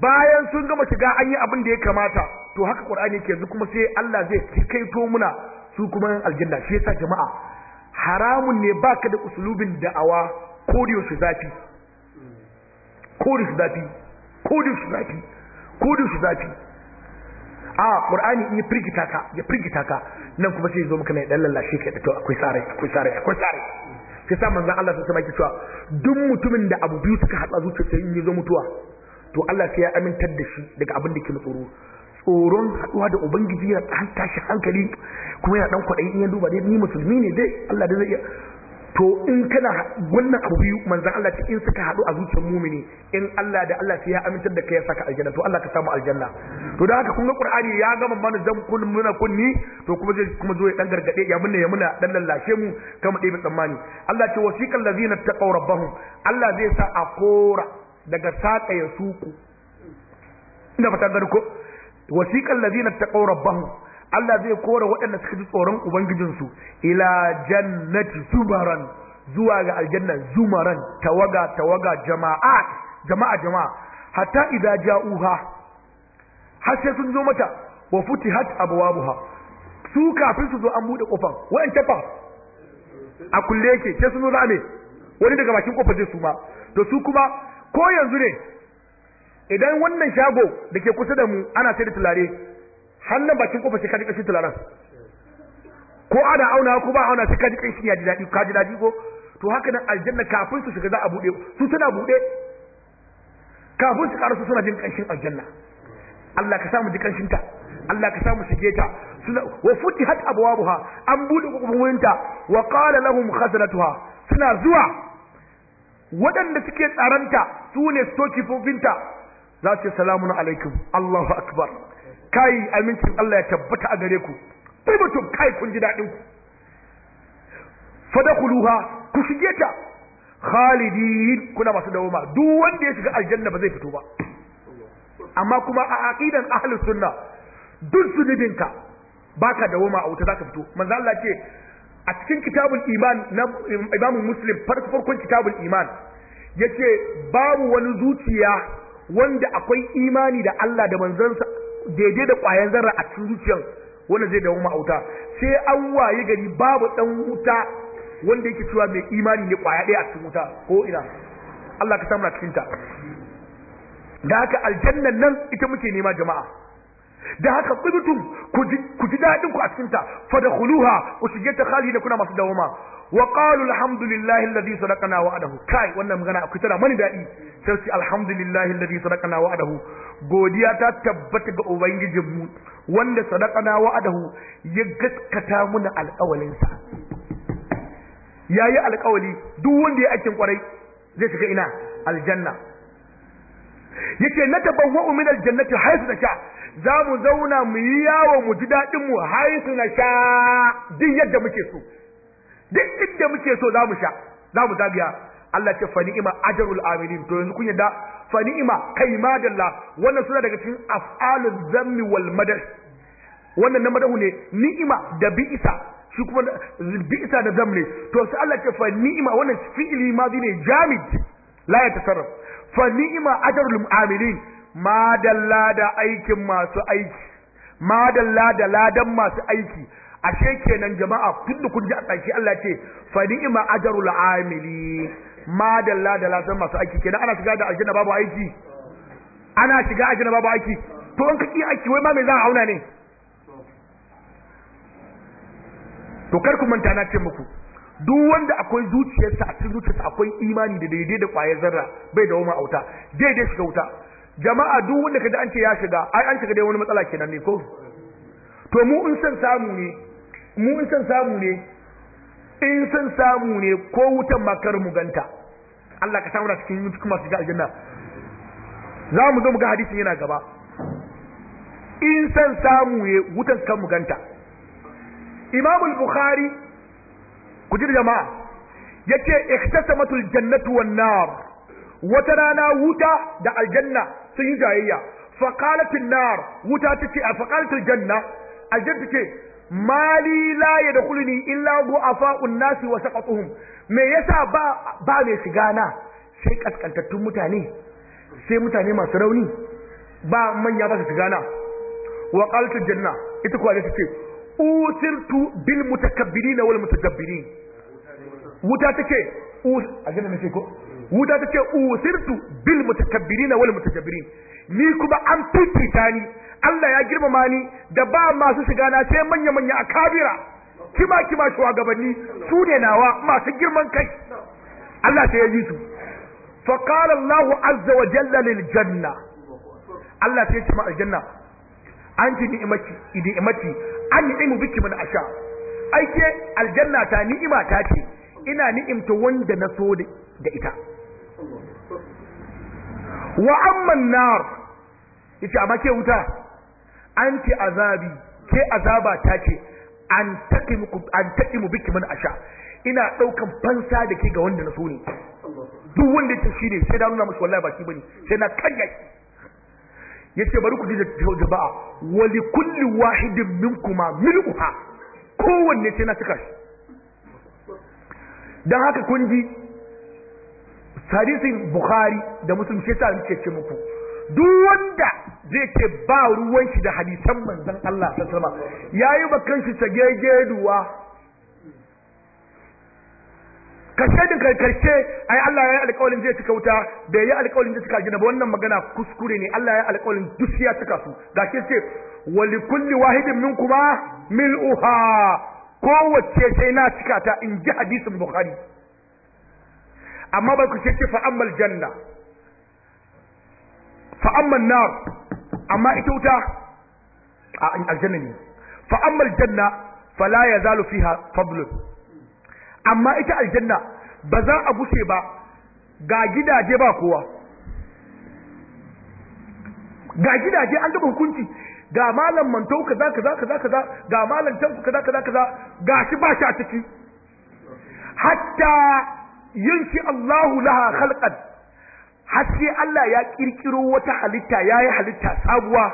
Speaker 1: bayan sun gama shiga an yi abin da ya kamata to haka Qur'ani yake yanzu kuma sai Allah zai cikaito muna su kuma aljanna shi yasa jama'a haramun ne baka da usulubin da'awa ko da su zafi ko da su zafi ko da su zafi ko da su zafi a Qur'ani in ya firgita ka ya firgita ka nan kuma sai zo maka ne dan lallashe ka to akwai sare akwai sare akwai sare yasa manzon Allah sai baki cewa duk mutumin da abu biyu suka hada zuciya sai yi zo mutuwa to Allah sai ya amintar da shi daga abin da ke tsoro tsoron haduwa da ubangiji ya tashi hankali kuma ya dan kwaɗayi in ya duba dai ni musulmi ne dai Allah da zai iya to in kana wannan abu biyu manzan Allah ce in suka haɗu a zuciyar mumini in Allah da Allah sai ya amintar da kai ya saka aljanna to Allah ka samu aljanna to da haka kun ga Qur'ani ya gama mana zan kun muna kunni to kuma zai kuma zo ya dan gargade ya muna ya muna dan lallashe mu kama dai tsammani Allah ce wasiqal ladzina taqaw rabbahum Allah zai sa a kora daga saka ya suku ina fata gani ko wasiqal ladzina taqaw rabbahum Allah zai kora waɗanda suka ji tsoron ubangijinsu ila jannati zubaran zuwa ga aljanna zumaran tawaga tawaga jama'a jama'a jama'a hatta idza ja'uha har sai sun zo mata wa futihat abwabuha su kafin su zo an bude kofar wayan tafa a kulle yake sai sun zo za me wani daga bakin kofar zai suma to su kuma ko yanzu ne idan wannan shago da ke kusa da mu ana sai da tulare hannun bakin kofa sai ka ji kashin tularan ko ana auna ko ba auna sai ka ji kashin ya ji daɗi ka ji daɗi ko to haka nan aljanna kafin su shiga za a buɗe su suna buɗe kafin su ƙara suna jin kashin aljanna Allah ka samu ji kashin ta Allah ka samu shige ta wa futihat abwabuha an buɗe kofofinta wa qala lahum khazanatuha suna zuwa waɗanda suke tsaranta su ne su toki stokifofinta za su ce salamun alaikum Allahu akbar kai amincin Allah ya tabbata a gare ku taibatun kai kun ji daɗin ku fadakuluha ku shige ta khalidin kuna masu dawoma duk wanda ya shiga aljanna ba zai fito ba amma kuma a aqidan ahlus sunna duk zunubinka baka dawoma a wuta zaka fito manzo Allah ce a cikin kitabul iman na imamu muslim farko farkon kitabul iman yace babu wani zuciya wanda akwai imani da Allah da manzansa daidai da ƙwayan zarra a cikin zuciyar wanda zai dawo ma'auta sai an waye gari babu dan wuta wanda yake cewa mai imani ne ƙwaya ɗaya a cikin wuta ko ina Allah ka samu na cikin ta da haka aljannan nan ita muke nema jama'a da haka tsibtum ku ji daɗin ku a cikin ta kuluha ku shige ta da kuna masu dawoma wa qalu alhamdulillahi alladhi sadaqana wa'adahu kai wannan magana akwai tana mani daɗi sai su alhamdulillahi alladhi sadaqana wa'adahu godiya ta tabbata ga ubangijin mu wanda sadaqana wa'adahu ya gaskata muna alƙawalin sa yayi alƙawali duk wanda ya aikin kwarai zai shiga ina aljanna yake natabawwa'u min aljannati haythu tasha za mu zauna mu yi yawo mu ji daɗin mu haisu na sha duk yadda muke so duk inda muke so za mu sha za mu zagaya Allah ce ima ajrul amilin to yanzu kun yadda ima kai ma dalla wannan suna daga cikin af'alul zammi wal madar wannan na madahu ne ni'ima da bi'isa shi kuma bi'isa da zamne. to sai Allah ce ni'ima wannan fi'ili ma ne jamid la fa ni'ima ajrul amilin madalla da aikin masu aiki madalla da ladan masu aiki ashe kenan jama'a kullu kun ji a tsaki Allah ce fa ni'ma ajrul amili madalla da ladan masu aiki kenan ana shiga da aljanna babu aiki ana shiga aljanna babu aiki to in kaki aiki wai ma me za a auna ne to kar ku manta na ce muku duk wanda akwai zuciyarsa a cikin zuciyarsa akwai imani da daidai da kwayar zarra bai da wama auta daidai shiga wuta jama'a duk wanda kaji an ce ya shiga ai an shiga dai wani matsala kenan ne ko to mu in san samu ne mu in san samu ne in san samu ne ko wutan makar mu ganta Allah ka samu da cikin cikin masu shiga aljanna za mu zo mu ga hadisin yana gaba in san samu ne wutan kan mu ganta Imam al-Bukhari ku ji jama'a yace ikhtasamatul jannatu wan nar wata rana wuta da aljanna sun yi jayayya fa qalat an-nar wuta tace fa qalat al-janna aljanna tace mali la ya yadkhuluni illa bu du'afa'un nasi wa saqatuhum me yasa ba ba ne shiga na sai kaskantattun mutane sai mutane masu rauni ba manya ba su shiga na wa qalat al-janna ita kuwa tace usirtu bil mutakabbirin wal mutakabbirin wuta take us a gina nake ko wuta ta ce usirtu bil mutakabbirina wal mutajabbirin ni kuma an fifita ni Allah ya girmama ni da ba masu shiga na sai manya manya a kabira kima kima shugabanni su ne nawa masu girman kai Allah ta ya su fa qala Allah azza wa jalla lil janna Allah ta ya ce ma aljanna an ji ni'imati imati an yi mu biki mun asha aike aljanna ta ni'ima ta ce ina ni'imta wanda na so da ita wa amma nar yace amma ke wuta anti azabi ke azaba ta ce an taqimu an taqimu biki man asha ina daukan fansa da ke ga wanda na so ne duk wanda ta shi sai da nuna musu wallahi ba shi bane sai na kanya yace bari ku ji da jama'a wa li kulli wahidin minkuma mil'uha kowanne sai na tuka shi dan haka kun ji hadisin bukhari da muslim shi ta nake ce muku duk wanda zai ce ba ruwan shi da hadisan manzon Allah sallallahu alaihi wasallam yayi bakan shi sagege duwa kashe din karkarshe ai Allah ya yi alƙawarin zai cika wuta da ya yi alƙawarin zai cika gina ba wannan magana kuskure ne Allah ya yi alƙawarin duk ya cika su gashi ce wa min wahidin minkuma mil'uha kowace sai na cika ta in ji hadisin bukhari amma ba ku ce ce fa'ammal janna fa'ammal nar amma ita wuta a aljanna ne fa'ammal janna fala ya zalu fiha fadlun amma ita aljanna ba za a gushe ba ga gidaje ba kowa ga gidaje an gaba hukunci ga malam mantau kaza kaza kaza kaza ga malam tanku kaza kaza kaza ga shi ba shi a ciki hatta yanki Allahu laha khalqan har Allah ya kirkiro wata halitta yayi halitta sabuwa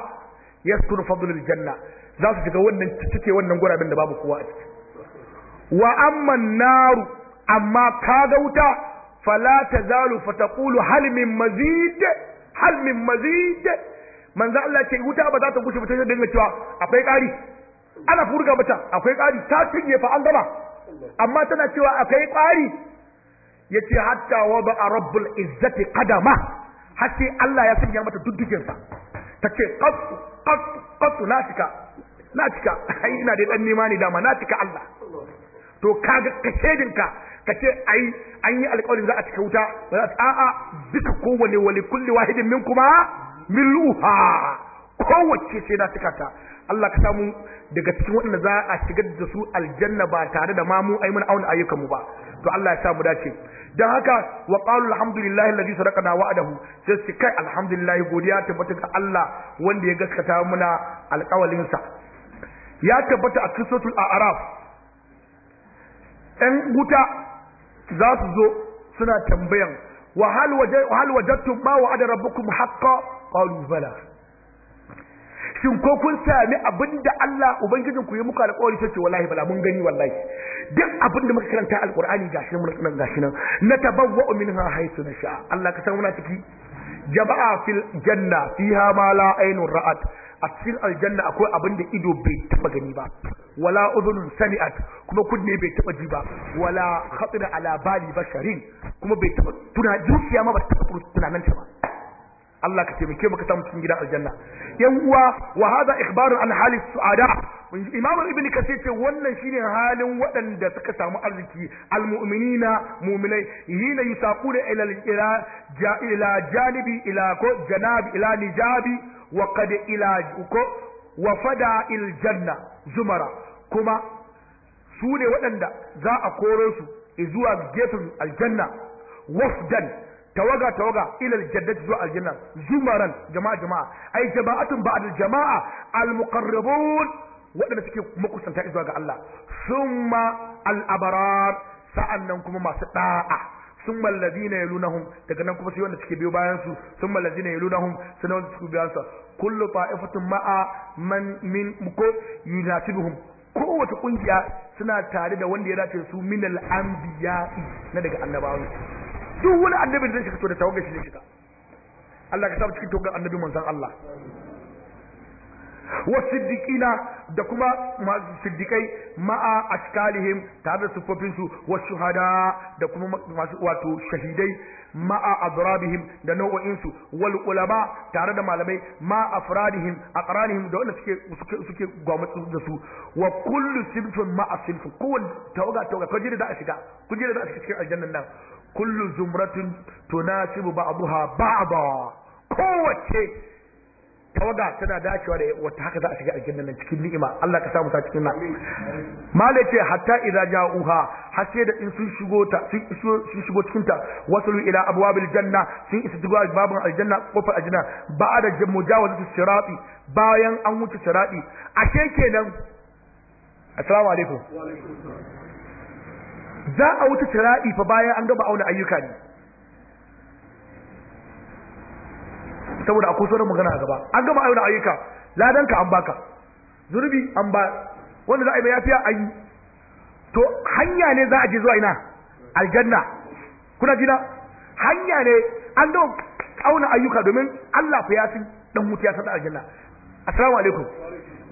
Speaker 1: yaskunu fadlul janna za su shiga wannan cike wannan gurabin da babu kowa a ciki wa amma naru amma kaga wuta fala tazalu fataqulu hal min mazid hal min mazid manzo Allah ce wuta ba za ta gushe ba ta dinga cewa akwai ƙari ana furga mata akwai ƙari ta cinye fa an gama amma tana cewa akwai ƙari Ya ce hatta wada rabbul izzati qadama har sai Allah ya sanya mata ce sa kasu, kasu na cika, na cika. ai ina da dan nema ne dama cika Allah to kaga ka shedinka kace ai an yi alƙawarin za a cika wuta ba za a a duka kowane wali kulli wahidin minkuma miluha kowace sai na cika ta Allah ka samu daga cikin waɗanda za a shigar da su aljanna ba tare da ma mu ai mun auna ayyukanmu ba to Allah ya samu dace dan haka wa qalu alhamdulillahi alladhi sadaqana wa'adahu sai su kai alhamdulillah godiya tabbata ga Allah wanda ya gaskata muna alƙawalin sa ya tabbata a kisatul a'raf ɗan wuta za su zo suna tambayan wa hal wajadtum ma wa'ada rabbukum haqqan qalu bala shin ko kun sami abin da Allah ubangijin ku ya muku alƙawari sai ce wallahi bala mun gani wallahi duk abin da muka karanta alƙur'ani gashi mun nan gashi nan na tabawwa'u minha haythu nasha Allah ka san muna ciki jama'a fil janna fiha ma la aynun ra'at a cikin aljanna akwai abin da ido bai taba gani ba wala udhunun sami'at kuma kunne bai taba ji ba wala khatira ala bali basharin kuma bai taba tuna zuciya ba ta taba tunanin ta ba Allah ka taimake mu ka samu cikin gidan aljanna yan uwa wa hada ikhbaru an halis su'ada imam ibn kasir ce wannan shine halin waɗanda suka samu arziki almu'minina mu'minai hina yusaquna ila ila janibi ila ko janabi ila nijabi wa qad ila ko wa fada il janna zumara kuma su ne waɗanda za a koro su zuwa gefen aljanna wafdan tawaga tawaga ilal jannati zuwa aljanna zumaran jama'a jama'a ai jama'atun da jama'a al muqarrabun waɗanda suke makusanta zuwa ga Allah summa al abrar sa'annan kuma masu da'a sun mallazi yalunahum daga nan kuma sai wanda suke biyo bayan su sun mallazi na yalunahum sun wanda suke biyo su kullu ta'ifatun ma'a man min ko yunasibuhum kowace kungiya suna tare da wanda ya dace su min al-anbiya'i na daga annabawa duk wani annabi da zai shiga to da tawaga shi zai shiga Allah ka sa cikin tawagar annabi manzon Allah wa siddiqina da kuma siddiqai ma'a ashkalihim tare da sufofin su wa shuhada da kuma masu wato shahidai ma'a adrabihim da nau'o'in su wal ulama tare da malamai ma afradihim aqranihim da wanda suke suke gwamutsu da su wa kullu sinfin ma'a sinfin kowanne tawaga tawaga kujira da za a shiga kujira da za a shiga cikin aljannan nan kullu zumratin tunasibu ba'daha ba'da kowace tawaga tana dacewa da wata haka za a shiga aljanna nan cikin ni'ima Allah ka samu ta cikin nan malace hatta idza ja'uha hasse da in sun shigo ta sun shigo cikin ta wasalu ila abwabil janna sun isa zuwa babin aljanna kofar aljanna ba'da mujawazati sirati bayan an wuce sirati ashe kenan assalamu alaikum za a wuce tiraɗi fa bayan an gaba auna ayyuka ne saboda akwai sauran magana a gaba an gaba auna ayyuka ladanka an baka zunubi an ba wanda za a yi ba yafiya a yi to hanya ne za a je zuwa ina aljanna kuna jina hanya ne an gaba auna ayyuka domin Allah fa ya fi dan mutu ya san aljanna assalamu alaikum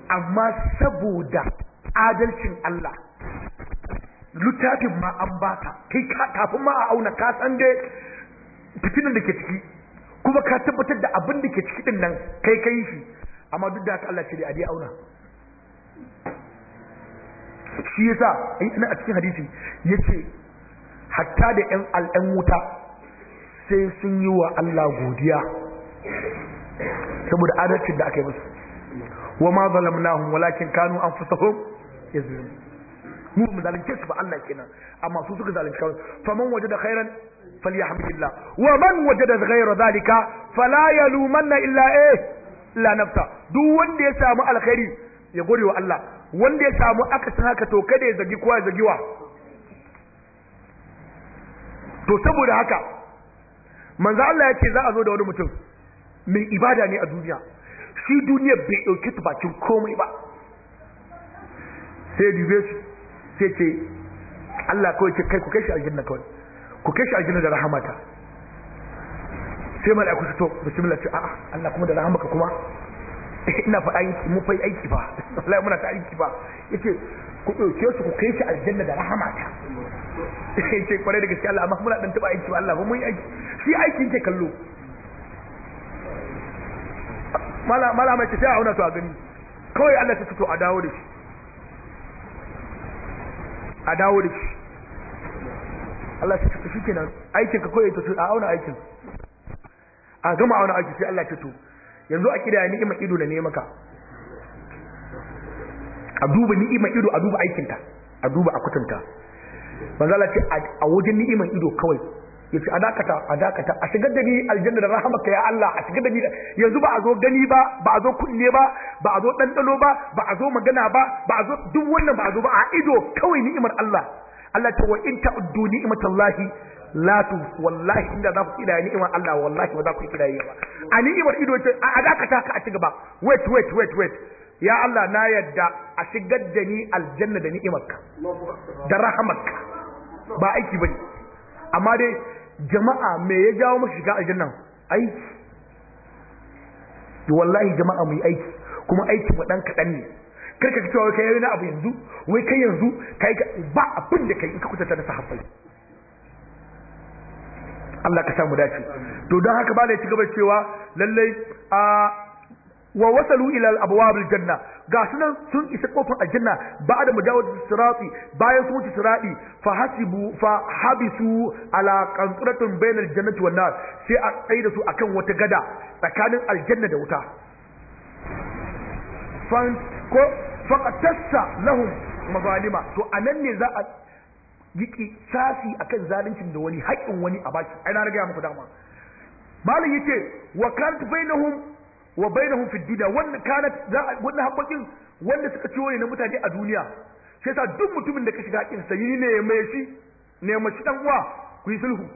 Speaker 1: amma saboda adalcin Allah littafin ma an baka kai kafin ma a auna ka san dai fitinan da ke ciki kuma ka tabbatar da abin da ke ciki din nan kai kai shi amma duk da haka Allah ce da auna shi yasa ina a cikin hadisi yace hatta da ƴan al'an wuta sai sun yi wa Allah godiya saboda adalcin da aka yi musu wa ma zalamnahum walakin kanu anfusahum yazlimun mu mu zalunce su ba Allah kenan amma su suka zalunce kansu faman wajada khairan falyahmidillah wa man wajada ghayra zalika fala yalumanna illa eh la nafsa duk wanda ya samu alkhairi ya gode wa Allah wanda ya samu akasin haka to kada ya zagi kowa ya zagiwa to saboda haka manzo Allah yake za a zo da wani mutum mai ibada ne a duniya shi duniya bai dauke ta bakin komai ba sai dubesu sai ce Allah kawai ce kai ku kai shi aljanna kawai ku kai shi aljanna da rahamata sai mala'iku su to bismillah ce a'a Allah kuma da rahamaka kuma ina fa aiki mu fai aiki ba wallahi muna ta aiki ba yace ku dauke su ku kai shi aljanna da rahamata yace kwarai da gaske Allah amma muna dan taba aiki ba Allah ba mun aiki shi aiki yake kallo mala mala mai tafiya auna to a gani kawai Allah ta fito a dawo da shi a dawo da shi Allah ya tafi kenan aikin ka koyi tafi a auna aikin a gama auna aiki sai Allah ya to yanzu a kidaya ni'ima ido da ne maka a duba ni'ima ido a duba aikin ta a duba a manzo Allah ce a wajen ni'imar ido kawai ya ce a dakata a dakata a shigar da ni aljanna da rahamaka ya Allah a shigar da ni yanzu ba a zo gani ba ba a zo kunne ba ba a zo ɗanɗano ba ba a zo magana ba ba a zo duk wannan ba a zo ba a ido kawai ni'imar Allah Allah ta wa in ta'uddu ni'matallahi la tu wallahi inda za ku kidaya ni'imar Allah wallahi ba za ku kidaya ba a ni'imar ido ce a dakata ka a ci gaba wait wait wait wait ya Allah na yadda a shigar da ni aljanna da ni'imarka da rahamarka ba aiki bane amma dai jama'a me ya jawo maka shiga nan? aiki wallahi jama'a mu aiki kuma aiki ba dan kaɗan ne kar ka cewa kai yana abu yanzu wai kai yanzu kai ba abin da kai in ka kuta da sahabbai Allah ka samu dace to don haka ba da ya ci gaba cewa lallai a wa wasalu ila al-abwab al-janna ga sunan sun isa kofar aljanna da mujawaz sirati bayan sun wuce sirati fa hasibu fa habisu ala qantratin bayna al-jannati wan nar sai a tsaida su akan wata gada tsakanin aljanna da wuta fan ko faqatassa lahum mazalima to anan ne za a yiki sasi akan zaluncin da wani haƙin wani a baki ai na riga muku dama malam yake wa kan bainahum wa bainahum fi dunya wannan kana za wannan hakokin wanda suka ciwo ne na mutane a duniya sai sa duk mutumin da ka shiga haƙin sa yi ne mai shi ne shi dan uwa ku yi sulhu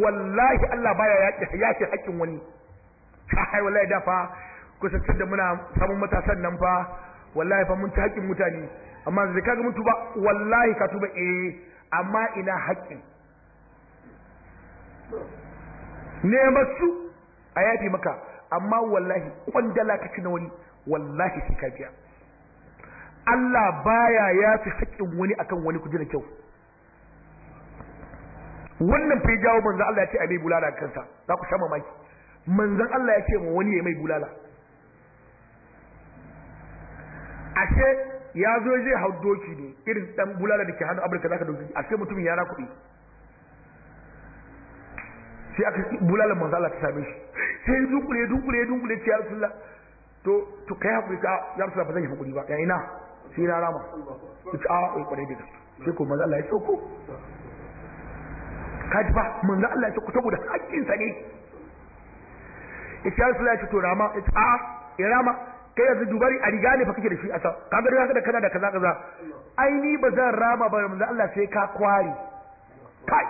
Speaker 1: wallahi Allah baya yaki yaƙi hakkin wani kai wallahi da fa sace da muna samun matasan nan fa wallahi fa mun ci haƙin mutane amma zai kaga mutu ba. wallahi ka tuba eh amma ina haƙin ne masu a yafi maka amma wallahi kwandala ka ci na wani wallahi sai ka biya Allah baya ya fi haƙƙin wani akan wani kujina kyau wannan fa jawo manzon Allah ya ce a mai bulala kansa za ku sha mamaki manzon Allah ya ce mu wani ya mai bulala ashe ya zo zai hau doki ne irin dan bulala da ke hannu Afirka zaka dauki ashe mutumin ya na kuɗi sai aka bulala manzon Allah ta same shi sai dunkule dunkule dunkule ce ya rasulullah to to kai hakuri ka ya rasulullah ba zan yi hakuri ba ya na sai na rama ce a ai eh, kwarai da gaske sai ko manzo Allah ya sauko kaji ba manzo Allah ya sauko saboda hakkin sa ne ya rasulullah ya ce to rama ya ce a ya rama kai yanzu dubari a riga ne fa kake da shi a sa ka ga riga da kaza da kaza kaza ai ni ba zan rama ba manzo Allah sai ka kware kai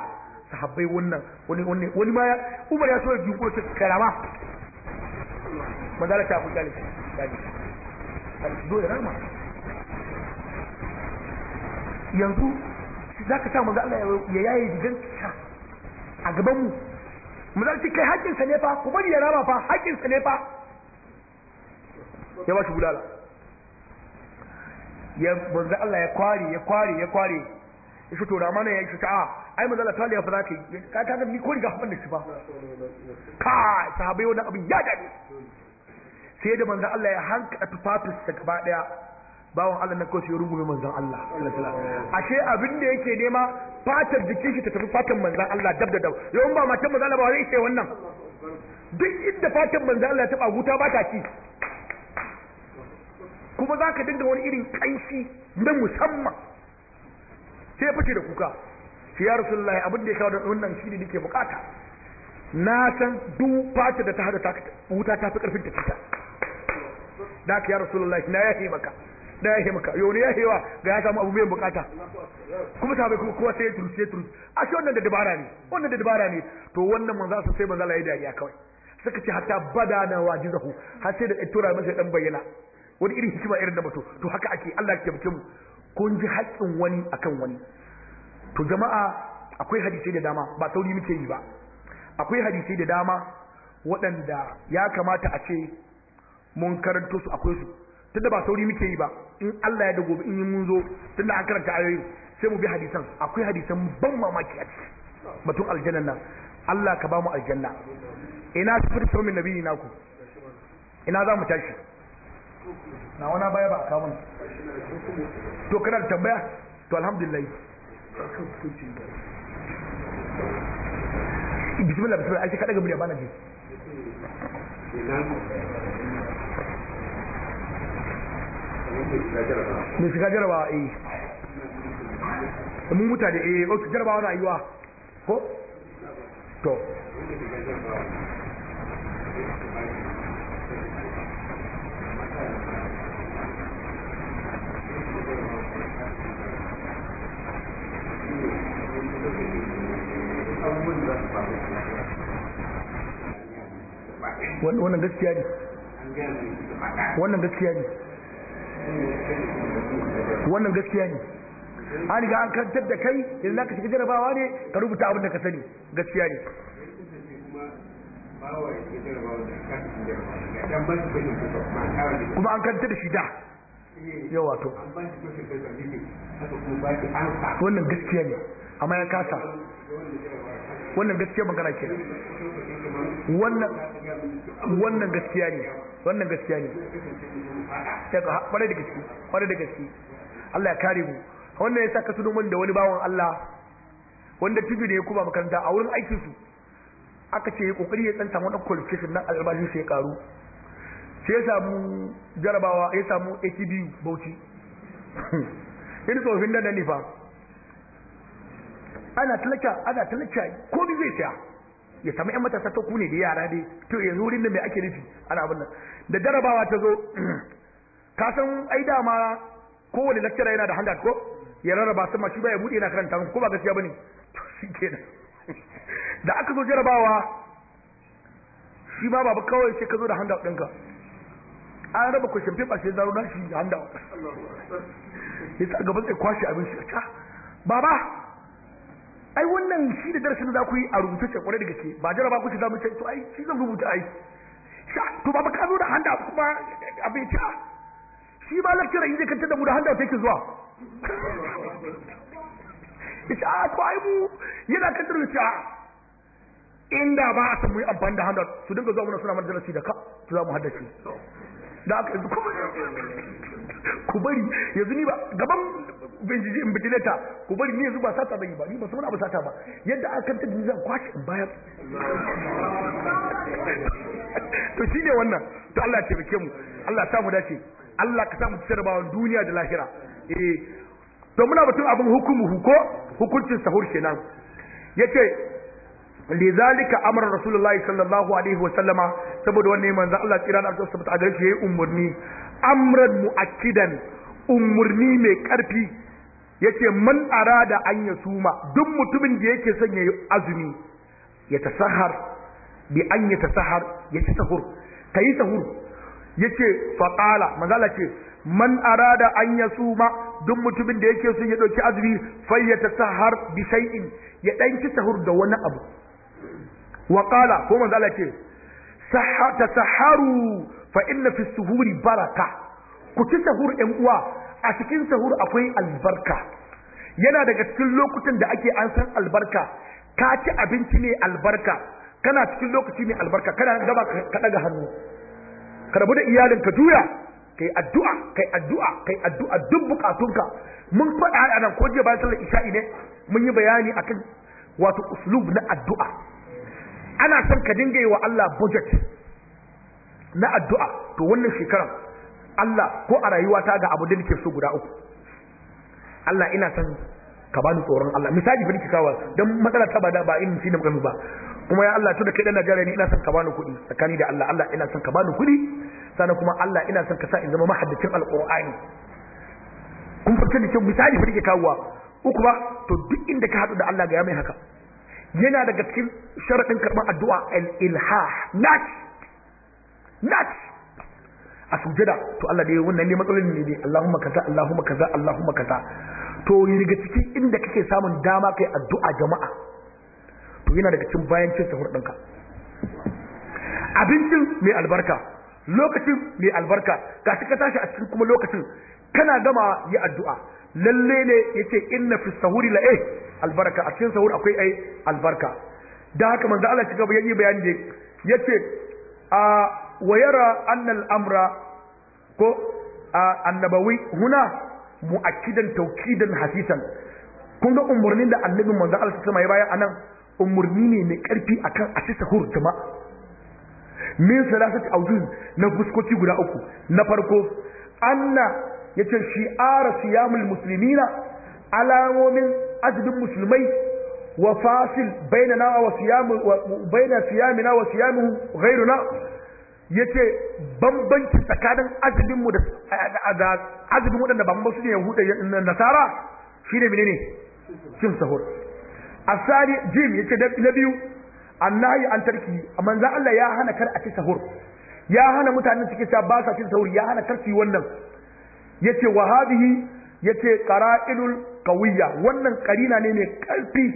Speaker 1: sahabbai wannan wani wani wani ma Umar ya so ya jinko shi karama manzala ta dai dai kale dole rama yanzu zaka sa manzo Allah ya yaye digan ka a gaban mu mu ce kai hakkin sa ne fa ku bari ya rama fa hakkin sa ne fa ya ba shi bulala ya manzo Allah ya kware ya kware ya kware ya fito ne ya fita ai manzo Allah taliya fa zaka yi ka ta ni ko riga haban da shi ba ka sahabai wannan abin ya dade sai da manzan Allah ya hanka tufafis ta gaba daya bawon Allah na kawai sai rungume manzon Allah ashe abin da yake nema fatar jikin shi ta tafi fatan manzon Allah dab da dab yawan ba matan manzon Allah ba zai ce wannan duk inda fatan manzon Allah ta taɓa guta ba ta ci kuma zaka dinga wani irin kanshi na musamman sai ya fice da kuka ce ya rasulullah abin da ya kawo da wannan shi ne nake bukata na san duk fata da ta hada ta wuta ta fi karfin ta cuta da ka ya Allah na yahe maka na yahe maka yau ne hewa ga ya samu abu mai bukata kuma sabai kuma kowa sai ya sai ya a shi wannan da dabara ne wannan da dabara ne to wannan su sai manzo ya dariya kawai suka ce hatta na waji wajizahu har sai da tura masa dan bayyana wani irin hikima irin da mutu to haka ake Allah ya tabbata mu kun ji haƙƙin wani akan wani to jama'a akwai hadisai da dama ba sauri muke yi ba akwai hadisai da dama waɗanda ya kamata a ce mun karanto su akwai su tunda ba sauri muke yi ba in Allah ya da gobe in yi mun zo tunda an karanta ayoyi sai mu bi hadisan akwai hadisan ban mamaki a
Speaker 2: ciki
Speaker 1: batun aljannan nan Allah ka ba mu aljanna ina sifir saumin nabi na ku ina za mu tashi na wani baya ba a to kana da tambaya to alhamdulillah bismillah bismillah ai kaɗa gabriya bana ji shiga jarabawa eh mun eh ok na yiwa ko to wannan gaskiya ne wannan gaskiya ne wannan gaskiya ne an ga an kantar da kai idan na ka shiga jarabawa ne ka rubuta abin da ka sani gaskiya ne kuma an kantar da shi da yawa wannan gaskiya ne amma ya kasa wannan gaskiya magana ke wannan wannan gaskiya ne wannan gaskiya ne daga kware da gaske kware da gaske Allah ya kare mu wannan yasa ka tuno min da wani bawan Allah wanda tudu ne ya kuma makaranta a wurin aikin su aka ce ya kokari ya tsanta wannan qualification nan albashin sai ya karu sai ya samu jarabawa ya samu ATB Bauchi in tsofin da nan ne fa ana talaka ana talaka komai zai saya ya samu yan matasa ta kune da yara ne to yanzu wurin da mai ake nufi ana abin nan da jarabawa ta zo ka san ai dama kowane lecturer yana da hanga ko ya rarraba sama shi ba ya bude yana karanta ko ba gaskiya bane to shikenan da aka zo jarabawa shi ma babu kawai sai ka zo da hanga ɗinka an raba ku shimfi ba sai zaro na shi hanga ya sa gaban sai kwashe abin shi ta baba ai wannan shi da darasin da za ku yi a rubuta ce kwarai da gaske ba jaraba ku ce za mu ce to ai shi zan rubuta ai to ba ka zo da handa kuma eh, abin ta shi ba lakcin in zai kanta da mu da handa take zuwa Ita a ah, to ai mu yana kan da ta ah, inda ba a san mu yi amfani da handa su dinga zuwa mana suna mana darasi da ka to za mu haddace da aka yanzu ku bari yanzu ni ba gaban in bijile ta ku bari ni yanzu ba sata zan yi ba ni ba san abu sata ba yadda aka kanta ni zan kwashe in bayar to shi ne wannan to Allah ya taimake mu Allah ta mu dace Allah ka samu ba duniya da lahira eh to muna batun abin hukumu huko hukuncin sahur kenan yace lidhalika amara rasulullahi sallallahu alaihi wasallama saboda wannan manzo Allah tsira da Allah da yake umurni amran muakkidan umurni mai karfi yace man arada an ya suma duk mutumin da yake son ya yi azumi ya tasahar bi an ya tasahar ya ci sahur ka yi sahur yace faqala manzala ce man arada an ya suma duk mutumin da yake son ya doki azumi fa ya tasahar bi shay'in ya dan ci sahur da wani abu wa qala ko manzala ce tasaharu fa inna fi suhuri baraka ku ci sahur ɗan uwa a cikin sahur akwai albarka yana daga cikin lokutan da ake an san albarka ka ci abinci ne albarka kana cikin lokaci ne albarka kana gaba ka daga hannu ka rabu da iyalin ka juya kai addu'a kai addu'a kai addu'a duk bukatunka mun faɗa a nan ko jiya bayan sallar isha'i ne mun yi bayani akan wato uslub na addu'a ana son ka dinga yi wa Allah budget na addu'a to wannan shekaran Allah ko a rayuwata ga abu da nake so guda uku Allah ina son ka bani tsoron Allah misali bin kikawa kawa dan matsala ta bada ba in shine magana ba kuma ya Allah tunda kai dan Najeriya ne ina son ka bani kuɗi tsakani da Allah Allah ina son ka bani kuɗi sannan kuma Allah ina son ka sa in zama mahaddacin alqur'ani kun fita da kyau misali bin kikawa kawowa uku ba to duk inda ka haɗu da Allah ga ya mai haka yana daga cikin sharaɗin karɓar addu'a al ilha nat nat a sujada to Allah dai wannan ne matsalolin ne dai Allahumma kaza Allahumma kaza Allahumma kaza to riga cikin inda kake samun dama kai addu'a jama'a to yana daga cikin bayan cin sahur ɗinka abincin mai albarka lokacin mai albarka ga ka tashi a cikin kuma lokacin kana gama yi addu'a lalle ne yace inna fi sahuri la eh, albarka a cikin sahur akwai ai eh, albarka da haka manzo Allah ya gaba yi bayani da yace a ah, wa yara annal amra ko annabawi huna mu'akkidan tawkidan hasisan kun ga umarnin da annabin manzo Allah ta sama ya baya anan umarni ne mai karfi akan asisa hur jama'a min salasati awjuh na fuskoki guda uku na farko anna yace shi'ara siyamul muslimina alamomin azumin musulmai wa fasil bainana wa siyamu wa baina siyamina wa siyamu ghayruna Yace bambanci tsakanin azubinmu da azubin waɗanda ba masu ne yahuda nasara shi ne cin sahur asali jim ya ce na biyu annahi an tarki manza Allah ya hana kar a ci sahur ya hana mutanen suke cewa ba sa cin sahur ya hana kar su wannan yace wahabihi wa hadihi ya ce qawiyya wannan karina ne mai karfi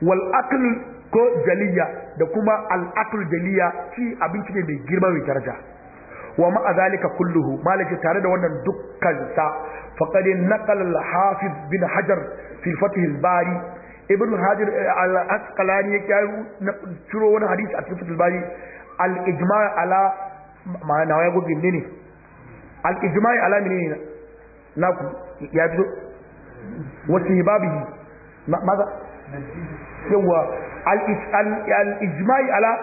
Speaker 1: wal aql ko jaliya da kuma al'atul jaliya shi abinci ne mai girma mai daraja wa ma'a zalika kulluhu malaki tare da wannan dukkan sa faqad naqala al-hafiz bin hajar fi fath al-bari ibn hajar eh, al-asqalani yake ciro wani hadisi a cikin fath al-bari al-ijma' ala ma'ana ya gobe ne ne al-ijma' ala menene na ku ya fito wasu babihi maza yawa al ala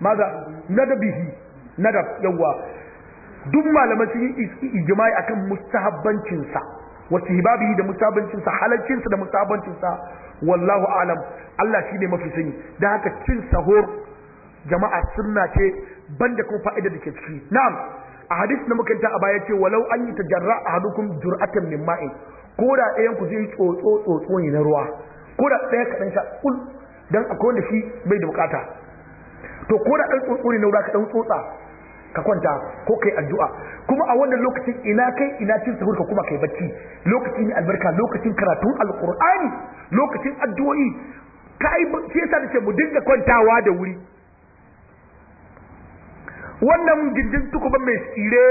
Speaker 1: maza nadabihi nadab yawa duk malaman sun yi ijma'i akan kan mustahabbancinsa wasu hibabi da mustahabbancinsa sa da mustahabbancinsa wallahu alam Allah shi ne mafi sani da haka cin sahur jama'a suna ce ban da kuma fa'idar da ke ciki na'am a hadis na makanta a baya ce walau an yi tajarra ahadukum jur'atan min ma'in ko da ɗayan ku zai tsotso tsotso ne na ruwa ko da ɗaya kaɗan sha ƙul don akwai wanda shi bai da bukata to ko da ɗan tsotsori na wuda ka ɗan tsotsa ka kwanta ko kai addu'a kuma a wannan lokacin ina kai ina cin sahur kuma kai bacci Lokacin ne albarka lokacin karatu alqur'ani lokacin addu'o'i kai shi yasa ce mu dinga kwantawa da wuri wannan gindin tukuba mai tsire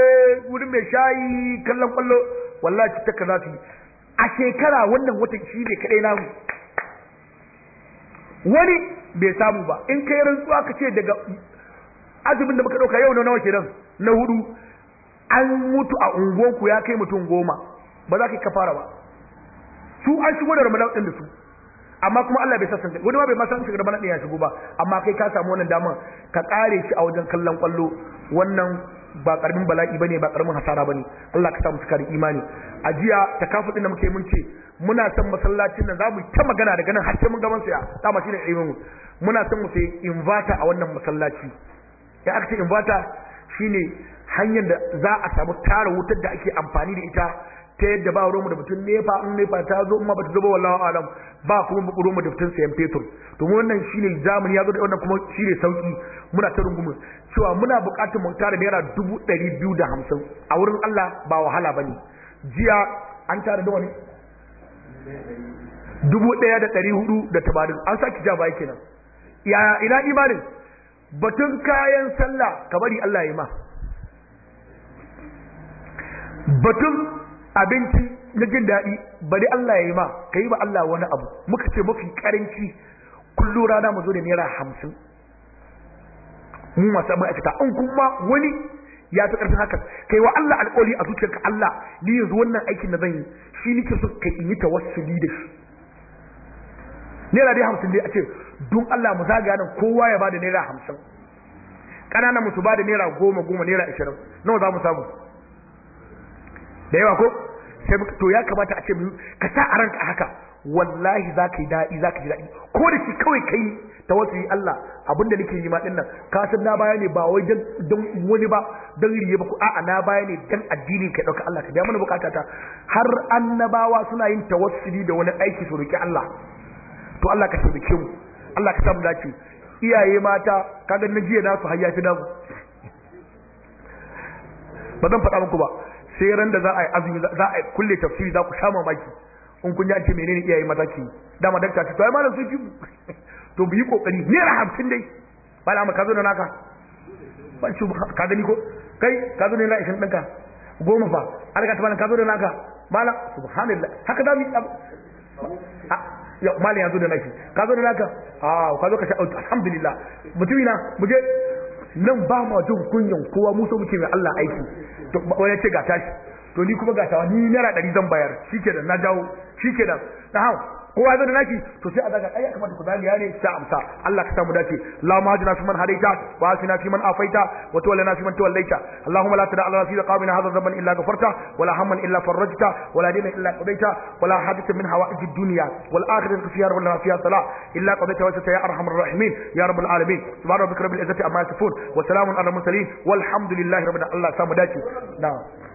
Speaker 1: wuri mai shayi kallon kwallo wallahi ta kaza a shekara wannan watan shi ne kadai namu wani bai samu ba in kai rantsuwa ka ce daga azumin da muka dauka yau na nawa kenan na hudu an mutu a unguwanku ya kai mutum goma ba za ka yi kafara ba su an shigo da ramadan din da su amma kuma Allah bai san wani ma bai ma san shiga ramadan din ya shigo ba amma kai ka samu wannan damar ka kare shi a wajen kallon kwallo wannan ba karamin bala'i bane ba karamin hasara bane Allah ka sa mu cika imani a jiya takafudin da muke mun ce muna san masallacin nan zamu ta magana daga nan har sai mun ga sa saya dama shine mu muna san mu sai invata a wannan masallaci ya aka ce shine hanyar da za a samu tara wutar da ake amfani da ita ta yadda ba ruwanmu da mutum nefa in nefa ta zo in ma bata zo ba wallahi alam ba kuma ruwanmu da mutum sayan fetur domin wannan shine zamani ya zo da wannan kuma shine sauki muna ta rungumin cewa muna buƙatar mu tara naira dubu ɗari biyu da hamsin a wurin Allah ba wahala bane jiya an tara da wani dubu ɗaya da ɗari hudu da tabarin an saki ja baya kenan yaya ina imanin batun kayan sallah ka bari Allah ya ma batun abinci na jin daɗi bari Allah ya yi ma ka yi ba Allah wani abu muka ce mafi ƙaranci kullum rana mu zo da naira hamsin mu masu ma'aikata in kuma wani ya fi ƙarfin haka kai wa Allah alƙawari a zuciyarka Allah ni yanzu wannan aikin da zan yi shi nake so ka yi ta wasu da shi naira dai hamsin dai a ce don Allah mu zagaya nan kowa ya ba da naira hamsin ƙananan mu su ba da naira goma goma naira ashirin nawa za mu samu da yawa ko sai to ya kamata a ce ka sa a ranka haka wallahi za ka yi daɗi za ka ji daɗi ko da shi kawai kai ta wasu yi Allah abinda nake yi ma ɗin nan ka san na baya ne ba wai don wani ba don riye ba ko a'a na baya ne don addini ka ɗauka Allah ka biya mana bukata ta har annabawa suna yin tawassuli da wani aiki su roƙi Allah to Allah ka taimake mu Allah ka samu dace iyaye mata kaga na jiya na har hayya fi mu ba zan faɗa muku ba sai ran da za a yi azumi za a kulle tafsiri za ku sha mamaki in kun ji an ce menene iyaye maza ke ma dakta ce to ai malam sun fi to bi kokari ne naira hamsin dai malam ka zo da naka ban ci ka gani ko kai ka zo ne na ishin ɗinka goma fa alaka ta malam ka zo da naka malam subhanallah haka za mu ya malam ya zo da naki ka zo da naka ah ka zo ka sha alhamdulillah mutumi na mu je nan ba ma jin kunyan kowa mu muke mai Allah aiki to wani ce ga tashi to ni kuma ga tawa ni naira ɗari zan bayar shikenan na dawo shikenan na hau kowa zai da naki to sai a daga ai kamar ku zaliya ne ta amsa Allah ka samu dace la majna fi man hadaita wa asina fi man afaita wa tawallana fi man tawallaita Allahumma la tada ala fi qawmina hadha dhanban illa ghafarta wa la hamman illa farajta wa la dinan illa qadaita wa la hadatha min hawaij ad-dunya wal akhirati fiha wa la fiha salah illa qadaita wa ya arhamar rahimin ya rabbal alamin subhana rabbika rabbil izzati amma yasifun wa salamun ala mursalin walhamdulillahi rabbil alamin Allah samu dace na'am